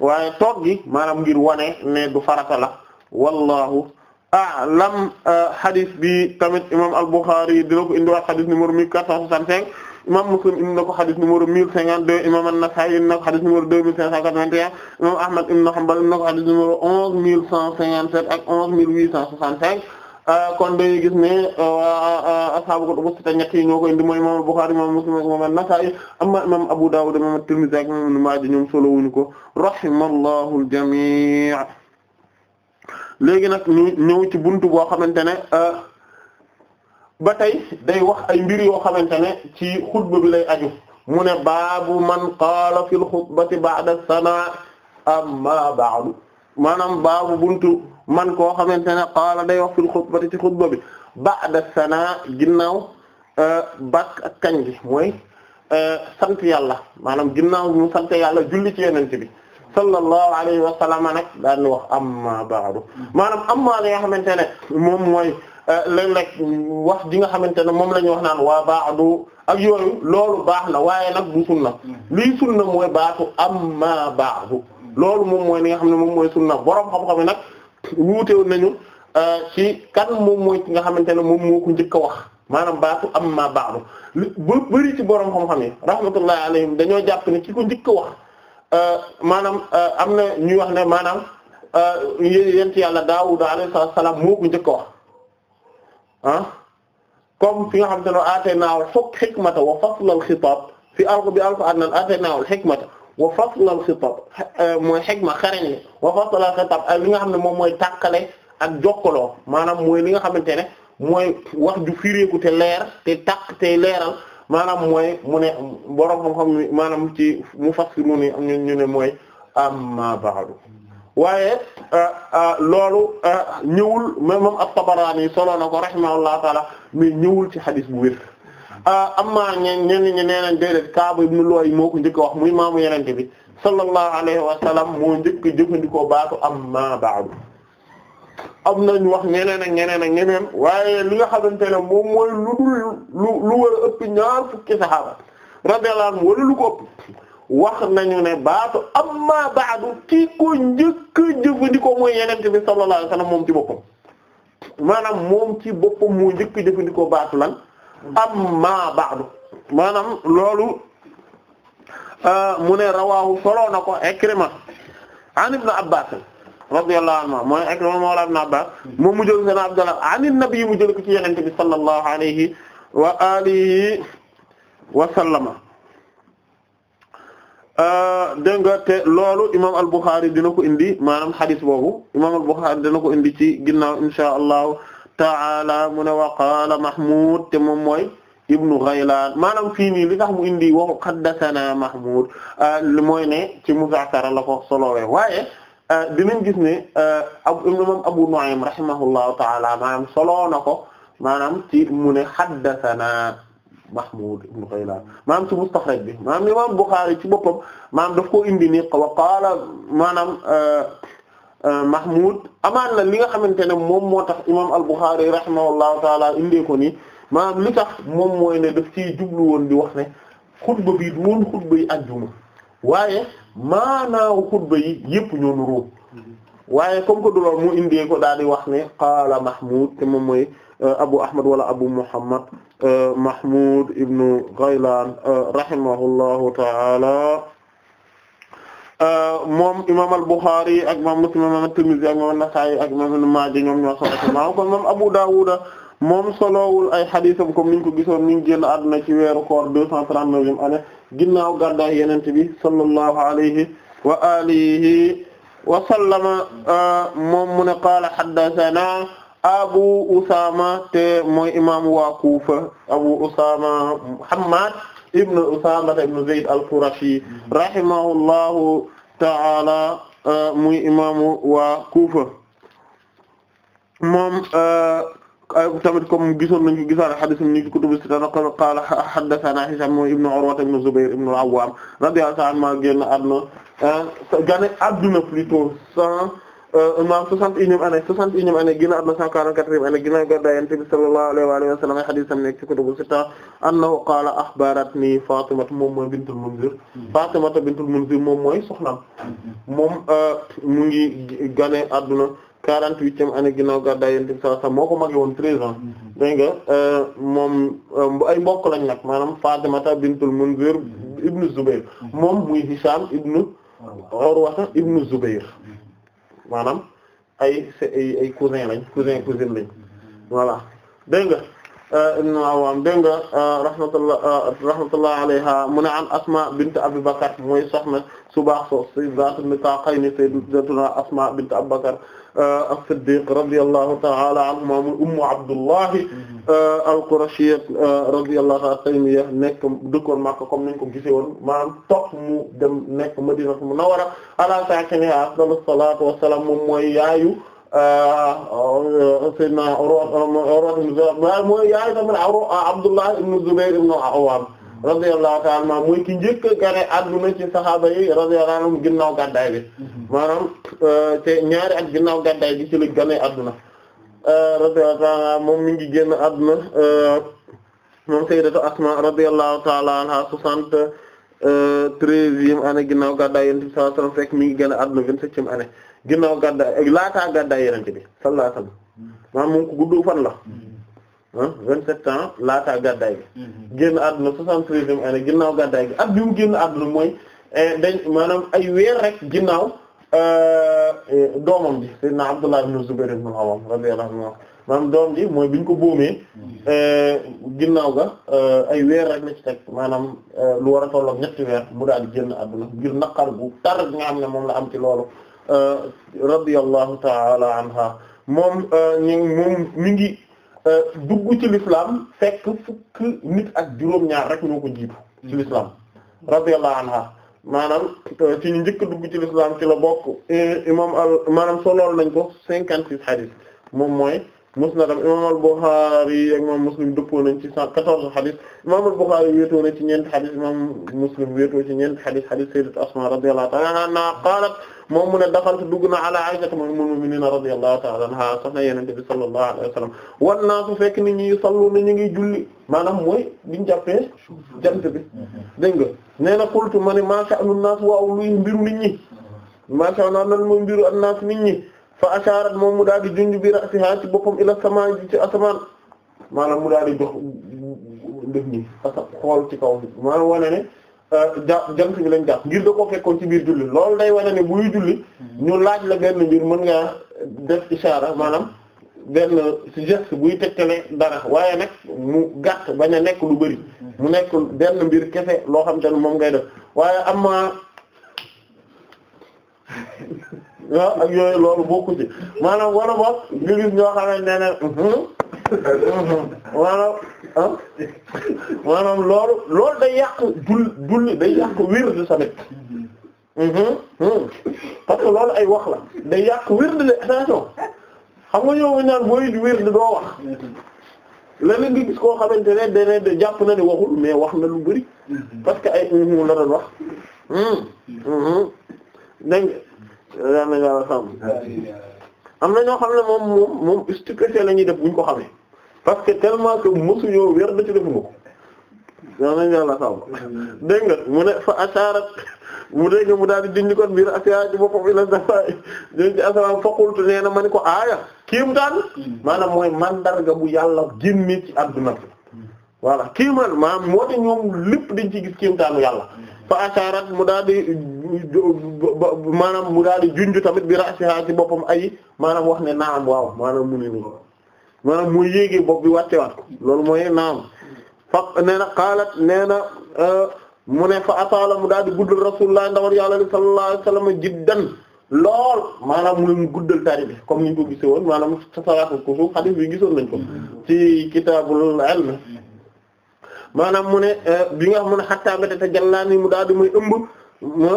waaye toog gi maanaam ngir wane ne du farata la wallahu a'lam euh, hadith bi tamit imam al-Bukhari dina ko indiwaat hadith numéro 1465 imam Muslim indi na ko xadis numéro 1052 imam An-Nasa'i indi na ko xadis imam Ahmad ibn ko xadis numéro 11157 euh, gis ne euh, euh, ashaabu kutubu sitta ñett yi ñoo ko indi mooy imam Bukhari imam a ak imam An-Nasa'i amma imam Abu Dawud imam At-Tirmidhi ak imam Ibn Maaja ñoom solo wuñu ko rahimallahu al-jami' léegi nag ñu ñëw ci buntu boo xamante ne ba tey day wax ay mbir yoo xamante ne ci xutba bi lay aju mu baabu man qaala fil xutbati ba'da sanaa amma ba'du maanaam baabu buntu man koo xamante ne qaala day wax fil xutbati ci xutba bi ba'da sanaa ginnaaw euh, bat ak kañ gi mooy euh, sant yàlla maanaam ginnaaw mu sant yàlla julli ci yonent bi sallallahu alayhi wa sallam nag daan wax amma ba'du maanaam amma li nga mooy Euh, léeg-léeg wax ji nga xamante ne moom la ñu wax naan waa du ak yooyu loolu baax na waaye nag du sunna mm. lii sunna mooy baatu amma ba'du loolu moom mooy li nga xam ne moom mooy sunna borom xam-xam yi nag wuutewu nañu euh, ci kan moom ki nga xamante ne moom moo njëkk a wax maanaam baatu amma ba'du ba bëri ci borom xam-xam yi rahmatullahi alayhim dañoo jàpp ne ci ko njëkk wax euh, maanaam am na ñuy wax ne maanaam yéen yàlla Daawuda alayhi salaam moo ko njëkk wax. ah comme fi nga xamante ne ataynaawul fokk xikmata wa faslal xitaab fi alko bi alko adnan ataynaawul xikmata wa faslal xitaab mooy xikma xarañ li wa faslal xitaab ak li nga xam ne moom mooy tàkkale ak jokkaloo maanaam mooy li nga xamante ne mooy wax ju firéeku te leer te tàq te leeral maanaam mooy mu ne borom xam-xam maanaam ci mu fassiru ni ñu ne mooy amma ba'du waaye euh, euh, loolu euh, ñëwul même moom at-Tabarani solo na ko rahimahullahu taala mais ñëwul ci xadis bu wér amma ñeen ñenn ñi nee nañ déedéet Kaab ibn Lu'ay moo ko njëkk wax muy maamu yenente bi sallallahu alayhi wa sallam moo njëkk jëfandikoo baatu amma ba'du am nañ wax ñeneen ak ñeneen ak ñeneen waaye li nga xamante ne moom mooy lu dul lu lu ëpp ñaar fukki saxaaba radiyallahu anhum wala lu ko ëpp wax nañu ne baatu amma ba'du ki ko njëkk a jëfandikoo mooy yenente bi sallallahu alayhi wasallam moom ci boppam maanaam moom ci boppam moo njëkk a jëfandikoo baatu lan amma ba'du maanaam loolu euh, mu ne rawaahu solo na ko Ikrima an ibn Abbas radiyallahu anhu mooy Ikrima mawla ibn Abbas moom mu jël seen Abdallah an nabi mu jël ko ci yenente bi sallallahu alayhi wa alihi wa sallama Euh, dégg nga te loolu imaam al-Bukhari dina ko indi maanaam xadis boobu imaam al-Bukhari dina ko indi ci ginnaaw insha allahu taala mu ne wa qaala Mahmoud te moom mooy ibnu Ghaylan maanaam fii nii li tax mu indi waxu haddathana Mahmoud li euh, mooy ne ci muzaakara la ko solowee waaye euh, dinañ gis ne ab imaam Abu Nu'aym rahimahullahu taala maanaam solo na ko maanaam ci mu ne haddathana. Mahmoud ibn Ghaylan maanaam ci mustaxraj bi maanaam imam Bukhari ci boppam maanaam daf koo indi nii wa qaala maanaam euh, euh, Mahmoud amaan na li nga xamante ne moom moo tax imam al-Bukhari rahimahullahu taala indee ko nii maanaam li tax moom mooy ne daf ciy jublu woon di wax ne xutba bi du woon xutba yi àjjuma waaye maanaaw xutba yi yëpp ñoo nuru mm-hmm. waaye comme que du mu indee ko daal di wax ne qaala Mahmoud te moom mooy Euh, abu ahmad wala abu muhammad euh, mahmud ibnu ghaylan euh, rahimahullahu taala moom imam al-Bukhari ak imam Muslim imam at-Tirmidhi ak imam an-Nasa'i ak imam Ibn Majah ñoom ñoo solo ci maam kon moom Abu Dawud moom solowul ay xadiisam comme niñ ko gisoon mi ngi génn àdduna ci weeru koor deux cent trente-neuvième année ginnaaw gàddaay Yonent bi sallallahu alayhi wa alihi wa sallama mu ne qaala haddathana abu usama te mooy imam waa kufa abu usama hammad ibn usama ibn zayd al-qurashi rahimahullahu ta'ala euh, muy imam waa kufa moom euh, tamit comme gisoon nañu ko gisaane hadith ni kutubu sitta qala haddathana hisham mooy ibn urwa ibn zubayr ibn al-awwam radiyallahu anhu génn àdduna euh, gane àdduna plutôt cent Euh, maam 61e année 61e année ginnaaw am na 144e année ginnaaw gàddaay Yonent bi sallallahu alayhi wa sallam ay hadiisam nekk ci kutubu sitta annahu moom mooy bintul Munzir Faatimatu bintul Munzir moom mooy soxnaam moom euh, mu ngi gane adduna 48e année ginnaaw gàddaay Yonent bi sallallahu moo ko màggee woon 13 ans dégg nga euh, moom ay mbokk lañ nag maanaam Faatimatu bintul Munzir ibnu Zubayr moom muy Hishaam ibnu Urwata ibnu Zubayr maanaam ay ay ay cousin lañ cousin cousine lañ voilà dégg nga euh, ibn Awaam dégg nga euh, rahmatullah euh, rahmatullah alayha mu ne an Asma bint Abi Bakr mooy soxna su baax so si zaatu niqaqayni sayyidatuna Asma bint Abi Bakr as-Siddiq radiyallahu ta'ala anhuma muy ummu Abdullahi al-Qurashiyya radiyallahu ta'ala Taymiyya nekk dëkkoon Makka comme niñ ko gisee woon maanaam toog mu dem nekk Madina Munawwara ala saakinihaa afdalu salaatu wa salaam moom mooy yaayu Sayyidina Urwa mooy yaayu tamit Abdullah ibn Zubayr ibn al-Awwam radiyallahu ta'ala mooy ki njëkk a gane adduna ci saxaaba yi radiyallahu anhum ginnaaw gàddaay bi mhm. maanaam euh, ñaari at ginnaaw gàddaay bi ci la gane adduna euh, radiyallahu ta'ala moom mi ngi génn adduna euh, moom sayyidatu Asma radiyallahu ta'ala anha soixante treizième année ginnaaw gàddaay yonent bi sallallahu alayhi mi ngi gane adduna vingt-septième année ginnaaw gàddaay laataa gàddaay bi sallallahu alayhi wasallam mhm. maanaam moom fan la mhm. vingt-sept ans laataa gàddaay gi mhm. génn àdduna soixante-treizième année ginnaaw gàddaay gi at bi mu génn àdduna mooy eh, dañ maanaam ay weer rek ginnaaw euh, eh, doomam ji sayyidina Abdullah ibn Zubayr ibn Awwam radiyallahu anhu maanaam doom ji mooy ñu ko boomee mhm. eh, ginnaaw ga euh, ay weer rek la ci teg maanaam euh, lu war a tolloog ñetti weer mu daal di génn àdduna ngir naqar bu tar bi nga xam ne moom la am ci loolu radiyallahu ta'ala anha moom moom mi ngi Euh, dugg ci l'islam fekk fukk nit ak juróom-ñaar rek ñoo ko jiitu ci l'islam radiyallahu anha maanaam euh, ci ñu njëkk dugg ci l'islam ci la bokk imam al maanaam solool nañ ko cinquante six hadith moom mooy musnadam imam al-Bukhari ak imam Muslim dëppoo nañ ci cent quatorze xadis imam al-Bukhari wéetoo na ci ñeent xadis imam Muslim wéetoo ci ñeent xadis xadis sayyidat Asma radiyallahu ta'ala anha qalat moom mu ne daxaltu dugg na ala Aisha ummul mu'minin radiyallahu ta'ala anha soxna Yonent bi sallallahu alayhi wa sallam wan naa su fekk nit ñi sallu na ñu ngi julli maanaam mooy diñ jàppee jant bi dégg nga nee na qultu ma ne ma sha'nu an-nas waaw luy mbiru nit ñi ma sha'nu an-nas mooy mbiru an-nas nit ñi fa asharat moom mu daal di junj bi ra'siha ci boppam ila sama ji ci asamaan maanaam mu daal di jox def ñi asa xool ci kaw maanaam wane ne euh, jàpp jant bi lañ ngir da ci biir julli loolu day wane ne buy julli hmm. ñu laaj la benn mbir mën ngaa def ishaara maanaam benn geste buy tegtale dara waaye nag mu gàtt bañ a nekk lu bari hmm. mu nekk benn mbir kese loo xam te ne moom ngay def waaye am ak yooyu loolu bokku ci maanaam wala boog nga gis ñoo xam ne ne maanaam ah maanaam loolu loolu day yàq dul dul day yàq wird tamit parce que loolu ay wax la day yàq wird le attention xam nga ñoo ngi naan booy wird doo wax leneen nga gis koo xamante ne dana jàpp na ne waxul mais wax na lu bari parce que ay la doon wax dégg yal yàlla sàmm am na ñoo xam ne moom moom moom stupéfait la ñuy def bu ñu ko xamee parce que tellement ko mosu ñoo weer da ci defuñu ko yal na yàlla sàmm dégg nga mu ne fa asaarat mu dégg mu daal di dindi kon biir asiya ci boppam ila safa dén ci asamaan ma ni ko aaya kiimtaan maanaam mooy mandarga bu yàlla génne ci adduna bi voilà kiimaan maanaam moo te ci gis yàlla fa asaarat mu daal maanaam mu daal di junj tamit bi rasiha ci boppam ay maanaam wax ne naam waaw maanaam mu ne nii maanaam muy yéegee bopp bi wàcce waat loolu mooy naam fa nee na xaalat euh, mu ne fa ataala mu daal di guddal rasulullah ndawal yàlla li sallallahu alayhi wasallam jiddan lool maanaam mu ne mu guddal tari bi comme niñ ko gise woon maanaam salaatu kusuuf hadith bi gisoon nañ ko ci kitaabul ilm maanaam mu ne euh, bi nga xam ne xattaa mbéte te jàllaa ni mu daal muy ëmb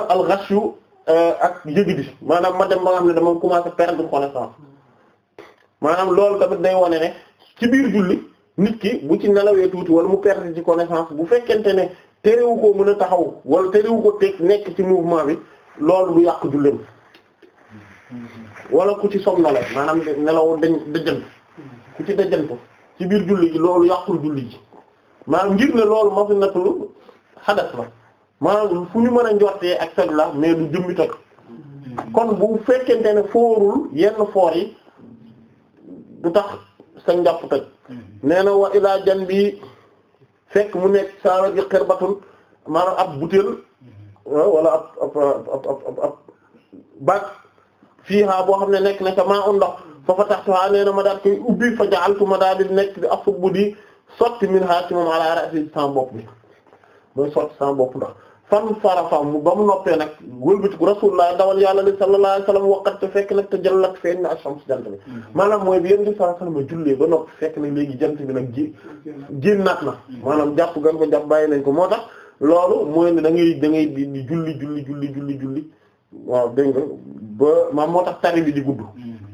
al-ghashu euh, ak yëg di maanaam ma dem ba nga xam ne dama commencé perdre connaissance maanaam loolu tamit day wone ne ci biir julli nit ki bu ci nelawee tuuti wala mu perdre ci connaissance bu fekkente ne terewu ko mën a taxaw wala terewu ko teg nekk ci mouvement bi loolu mu yàqu yàq julleem wala ku ci somnole maanaam nelaw dañ dëjënt ku ci dëjënt ci biir julli ji loolu yàqul julli ji maa ngir ne loolu mafinatul hadas la maanaam fu ñu mën a njortee ak sag la mais du jëmmi kon bu fekkente ne foorul yenn foor yi du tax sa njàpp toj nee na wa ilaa jan bi fekk mu nekk saara ji xirbatun maanaam ab butéel ah, wala ab ab ab ab fii ha boo xam ne nekk na ca maa ndox fa tax tuhaa nee na ma daal koy ubbi fa jaaltu ma daal di nekk di afub bu sotti min ha ci moom ala ra'si bopp bi mooy sotti sama bopp ndox fan farafa mu ba mu noppee nag wëlbatiku rasulullah dawal yàlla li sallallahu alayhi te fekk nag te jallat feeñ na ashams jant bi mm-hmm. maanaam mooy bi yonent bi sallallahu alayhi wasallam jullee ba noppi fekk na léegi jant bi nag ji génnaat na mm-hmm. maanaam jàpp gan ko jàpp bàyyi nañ ko moo tax loolu mooy ne da ngay da ngay di julli julli julli julli julli waaw dégg nga ba maam moo tax tari bi di gudd mm-hmm.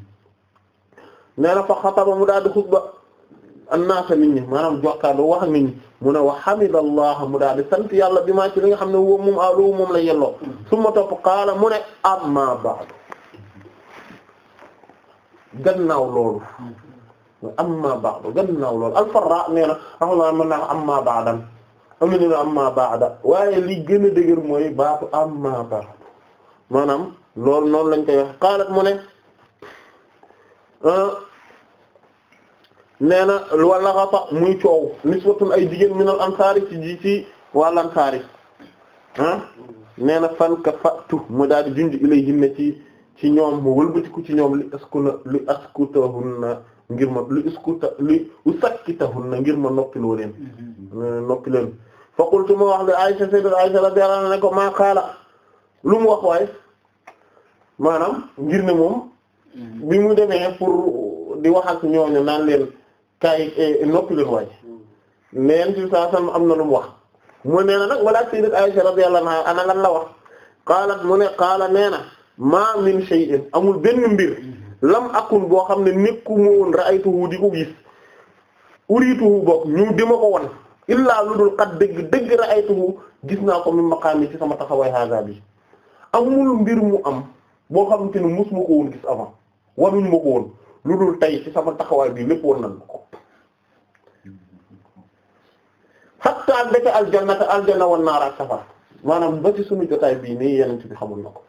nee fa xataba mu daal di xutba annaasa nit ñi maanaam jokkaarloo wax ak ñi mu ne wa hamidallah mu daal di sant yàlla bi maa ci li nga xam ne woo moom aloo ah moom la yelloo su topp qaala mu ne amma ba'du gannaaw loolu amma ba'du gannaaw loolu al-Farra na axamla mën naa amma ba'dan waaye li gën a dëgër baatu amma ba'du maanaam loolu noonu lañ koy qaalat mu ne nee na wala muy coow nisbatun ay jigéen minal ansaari ci ji ci wàll ansaari ah nee na fan ka fatu mu daal di junj ilayhinna ci ci ñoom mu wëlbatiku ci ñoom li askuna li askutahunna ngir ma li uskuta li usakkitahunna ngir ma noppiloo leen mm-hmm. noppi leen fa qultu ma wax le Aysa sayyidat Aysa radiyallahu anha ne ko maa qaala lu mu wax waay maanaam ngir ne moom mm-hmm. bi mu demee pour di wax ak ñooñu naan leen kaay eh, noppi leen waay neen ci saa sallam am na lu mu wax mu nee na nag walaaj sayyidat Aisha radiyallahu anha ana lan la wax qaalat mu ne qaala nee na ma min shay'in amul benn mbir lam akun boo xam ne nekku mu woon ra'aytuhu di ko gis urituhu bokk ñu dima ko won illaa lu dul xat dëgg dëgg ra'aytuhu gis naa ko mu min maqaami ci sama taxawaay haaga bi amul mbir mu am boo xamante ne mos ma ko woon gis avant wanuñ ma ko woon lu dul tey ci sama taxawaay bi lépp war nañ ko hatta mbéte aljannata aljanna wan naar ak safar maanaam ba ci sunu jotaay bii nii yenent bi xamul na ko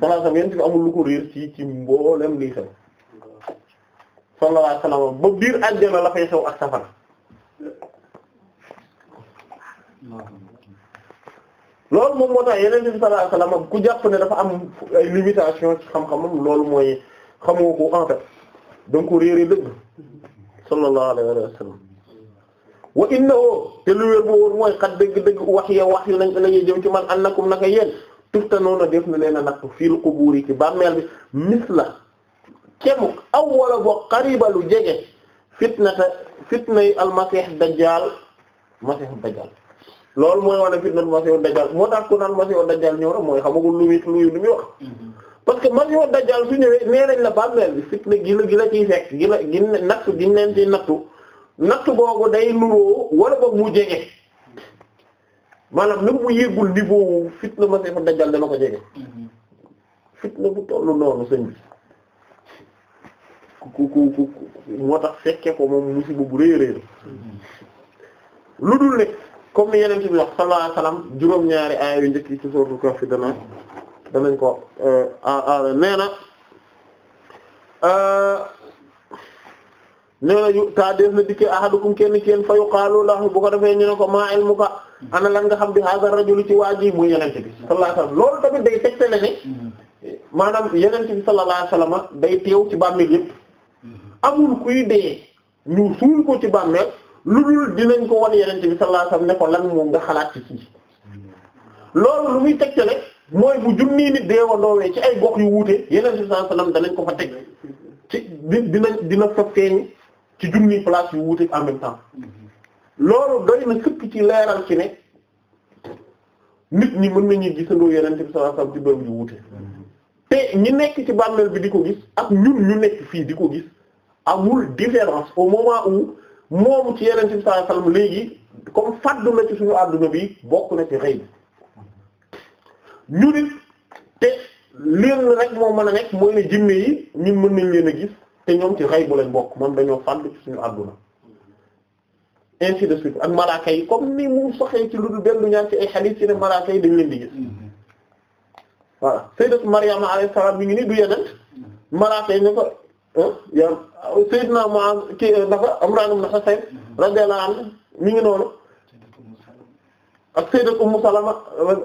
sallallahu alayhi wasallam yenent bi amul lu ci ci mboolem lii xew sallallahu alayhi ba biir aljanna la fay xew ak safar loolu moom moo tax yeneen bi sallallahu alayhi wasallam ku jàpp ne dafa am ay limitation ci xam-xamam loolu mooy xamoo ko en fait da nga ko réeree dëgg sallallahu alayhi wa sallam wa innahu te lu wér bu wóor mooy xat dëgg-dëgg wax ye wax yu lañ la ñuy ci man annakum naka yéen tuftanoona def na leen a natt fil quburi ci bàmmeel bi misla kemuk aw wala boo xaribalu jege fitnata fitna yi almasih dajjal masih dajjal loolu mooy wane fitnatu masih dajjal moo tax ku naan masih dajjal ñëw rek mooy xamagul lu muy lu muy wax mm-hmm. parce que man yoon dajal su ñëwee nee nañ la bàmmeel bi fitna gi la gi la ciy fekk gi la nattu giñ leen ci nattu nattu boobu day nuroo wala boog mu jege maanaam même mu yéegul niveau fitna masiixu dajjal dana ko jege fitna bu tollu noonu sëñ bi ku ku ku moo tax fekke ko moom musiba bu rëy rëy lu dul ne comme yeneen ci bi wax sallallahu alayhi juróom-ñaari aaya yu njëkk ci sóoratu Kahf dana danañ ko euh, nee na euh, na yu ta def na dikkee ahadukum kenn kenn fa yuqaalu lahu bu ko defee ñu ne ko maa ilmuka ana lan nga xam bi hadha rajul ci waa ji muy yenente bi sallallahu alayhi loolu tamit day tegtale ne maanaam yenente bi sallallahu alayhi wasallam day teew ci bàmmeel yëpp amul kuy dee ñu ko ci bàmmeel lu dul dinañ ko wan yenente bi sallallahu alayhi wasallam ne moom nga xalaat loolu lu muy tegtale mooy bu junni nit deewandoowee ci ay gox yu wuute yeneen bi sallallahu alayhi danañ ko fa teg ci di dina dina fa feeñ ci junni place yu wuute en même temps loolu doy na sëkk ci leeral ci ne nit ñi mën nañu gisandoo yeneen bi sallallahu ci bërëb yu wuute te ñi nekk ci bàmmeel bi di ko gis ak ñun ñu nekk fii di ko gis amul différence au moment où moomu ci yeneen bi sallallahu léegi comme fàddu na ci suñu àdduna bi bokk na ci rëy bi ñu nit te leen rek moo mën a nekk mooy ne jinne yi ñun mën nañ leen a gis te ñoom ci xay bu lañ bokk moom dañoo fàdd ci suñu àdduna ak malaaka yi comme ni mu soxee ci lu dul benn ñaar ci ay hadith ci ne malaaka yi dañ leen di gis voilà sayyidatu Maryam alayhi salaam mi ngi ni du yeneen malaaka yi ne ko ya sayyidna Mu'az ki dafa Imraan ibn Husayn radiyallahu anhu mi ngi noonu ak sayyidat Ummu Salama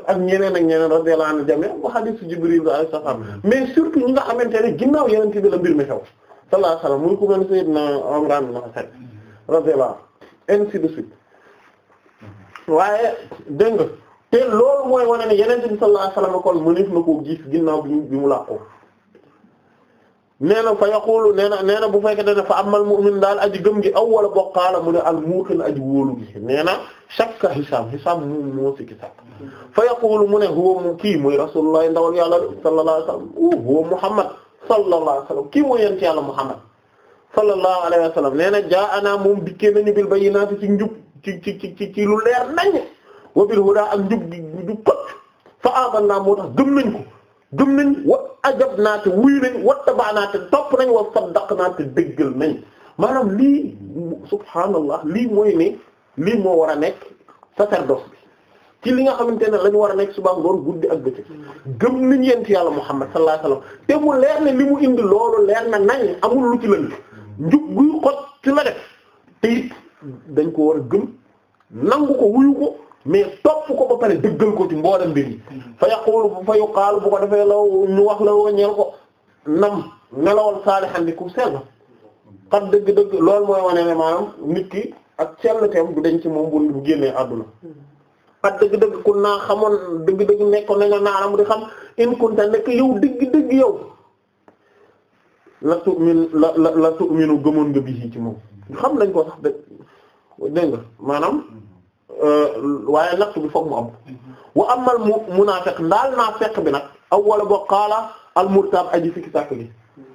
ak ñeneen ak ñeneen radiyallahu anhu jami wa hadithu Jibril alayhi salam mm-hmm. mais surtout ñi nga xamante ne ginnaaw yenente bi la mbir mi xew sallallahu alayhi wasallam muy ku mel sayyidna Imran ibn Husayn radiyallahu ainsi de suite mm-hmm. waaye dégg te loolu mooy wane ne yenente bi sallallahu alayhi wasallam kon mëneef na koo gis ginnaaw bi mu làqoo nee na fa yaqulu nee na nee na bu fekkente ne fa amal mu'min daal aji gëm gi aw wala boqaala mu ne al muuqin aji wóolu gi nee na shakka Hisaam Hisaam moom moo si ki sàkk fa yaqulu mu ne huwa mu kii mooy rasulullah ndawal yàlla sallallahu alayhi wa sallam uh, huwa Muhammad sallallahu alayhi wa sallam kii mooy yent yàlla Muhammad sallallahu alayhi wa sallam nee na jaa ana moom dikkee nañu bil bayyinaati ci njub ci ci ci ci ci lu leer nañ wa bil hudaa ak njub gi njub kot fa amanna moo tax gëm nañ ko gëm nañ wa ajab naa te wuyu nañ wa tabaa naa te topp nañ wa saddaq naa te déggal nañ maanaam lii subhaanallah lii mooy ne lii moo war a nekk sacerdoce bi ci li nga xamante ne lañu war a nekk suba ngoon guddi ak bëccëg gëm nañ yent yàlla Muhammad sallallahu alayhi wasallam te mu leer ne li mu indi loolu leer na nañ amul lu ci lënd njub guy xot ci la def te it dañ ko war a gëm nangu ko wuyu ko mais topp ko ba pare dëggal ko ci mboolem mbir yi fa yaqulu fa yuqaalu bu ko defee la ñu wax la woo ñeel ko nam melawal saalihan bi ku sell xat dëgg-dëgg lool mooy wane ne maanaam nit ki ak sell teem du dañ ci moom bu génnee àdduna xat dëgg-dëgg kun naa xamoon dëgg-dëgg nekkoon nañu naaram di xam in kunta nekk yow dëgg-dëgg yow la tu'min la la la tu'minu gëmoon nga bi ci moom xam nañ ko sax dëgg dégg maanaam Euh, waaye natt bi foog mu am mhm. wa amal mu munaafiq ndaal naafiq bi nag aw wala boo qaala al murtab aji sikki sàkk bi mhm.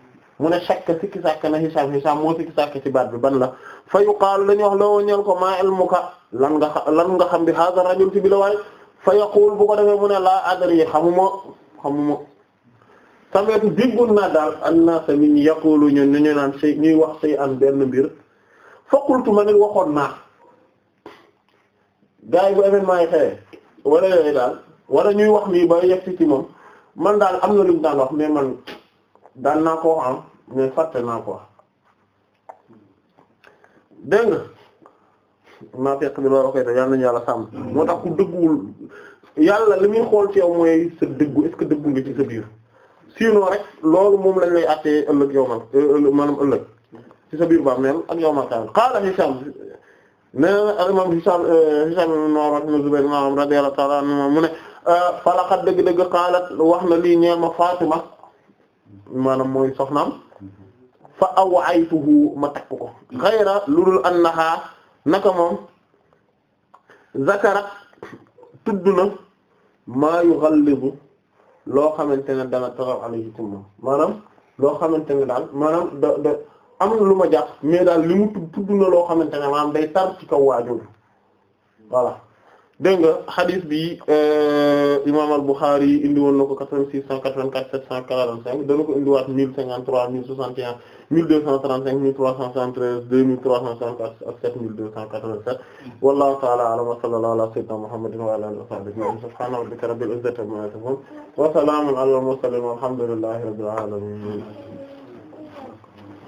mu ne shakka sikki sàkk na Hicham Hicham moo sikki sàkk ci baat bi ban la fa yuqaalu dañuy wax loo ñeel ko maa ilmuka lan nga nga xam bi hadha rajul ci bi la fa yaqul bu ko defee mu ne laa adri xamuma xamuma sameetu déggoon naa daal annaasa nit ñi yaquluñu ñu naan shay ñuy wax shay an benn mbir fa qultu ma waxoon naa. gars yi bu événement yi xewee wala yooyu daal wala ñuy wax nii ba yegg si ci moom man daal am na luñ mu daan wax mais man daan naa ko am ah, mais fàtte naa ko dégg nga maa fekk bi loolu koy te yàlla sàmm moo tax ku dëgguwul yàlla li muy xool ci yow mooy sa dëggu est-ce que dëggu nga ci sa biir sinon rek loolu moom lañ lay attee ëllëg yow man euh, maanaam ëllëg ci sa biir ba mel ak yow man xaaral xaaral Hisham nee al imam Hisham euh, Hisham ibn Urwa ibn Zubayr ibn Awwam radiyallahu ta'ala anhu mu ne euh, falaxat dëgg-dëgg xaalat wax na lii ñeel ma Fatima maanaam mooy soxnaam fa awaytuhu ma takk ko xayra lulul annaha naka moom zakarat tudd na maa yughallizu loo xamante ne dana taral alayhi maanaam loo xamante ne daal maanaam da da am lu ma jàpp mais daal li mu tudd tudd na loo xamante ne maanaam day tar ci kaw waajur voilà dégg nga xadis bi euh, imaam al-Bukhari yi indi woon na ko 86 184 745 dana ko indiwaat 1053 1061 1235 1373 2364 ak 7287 wallahu ta'ala a'lam wa sallallahu ala sayyidina Muhammadin wa ala alihi wa sahbihi ajma'in subhana rabbika rabbil izzati amma yasifun wa salamun ala al-mursalin walhamdulillahi rabbil alamin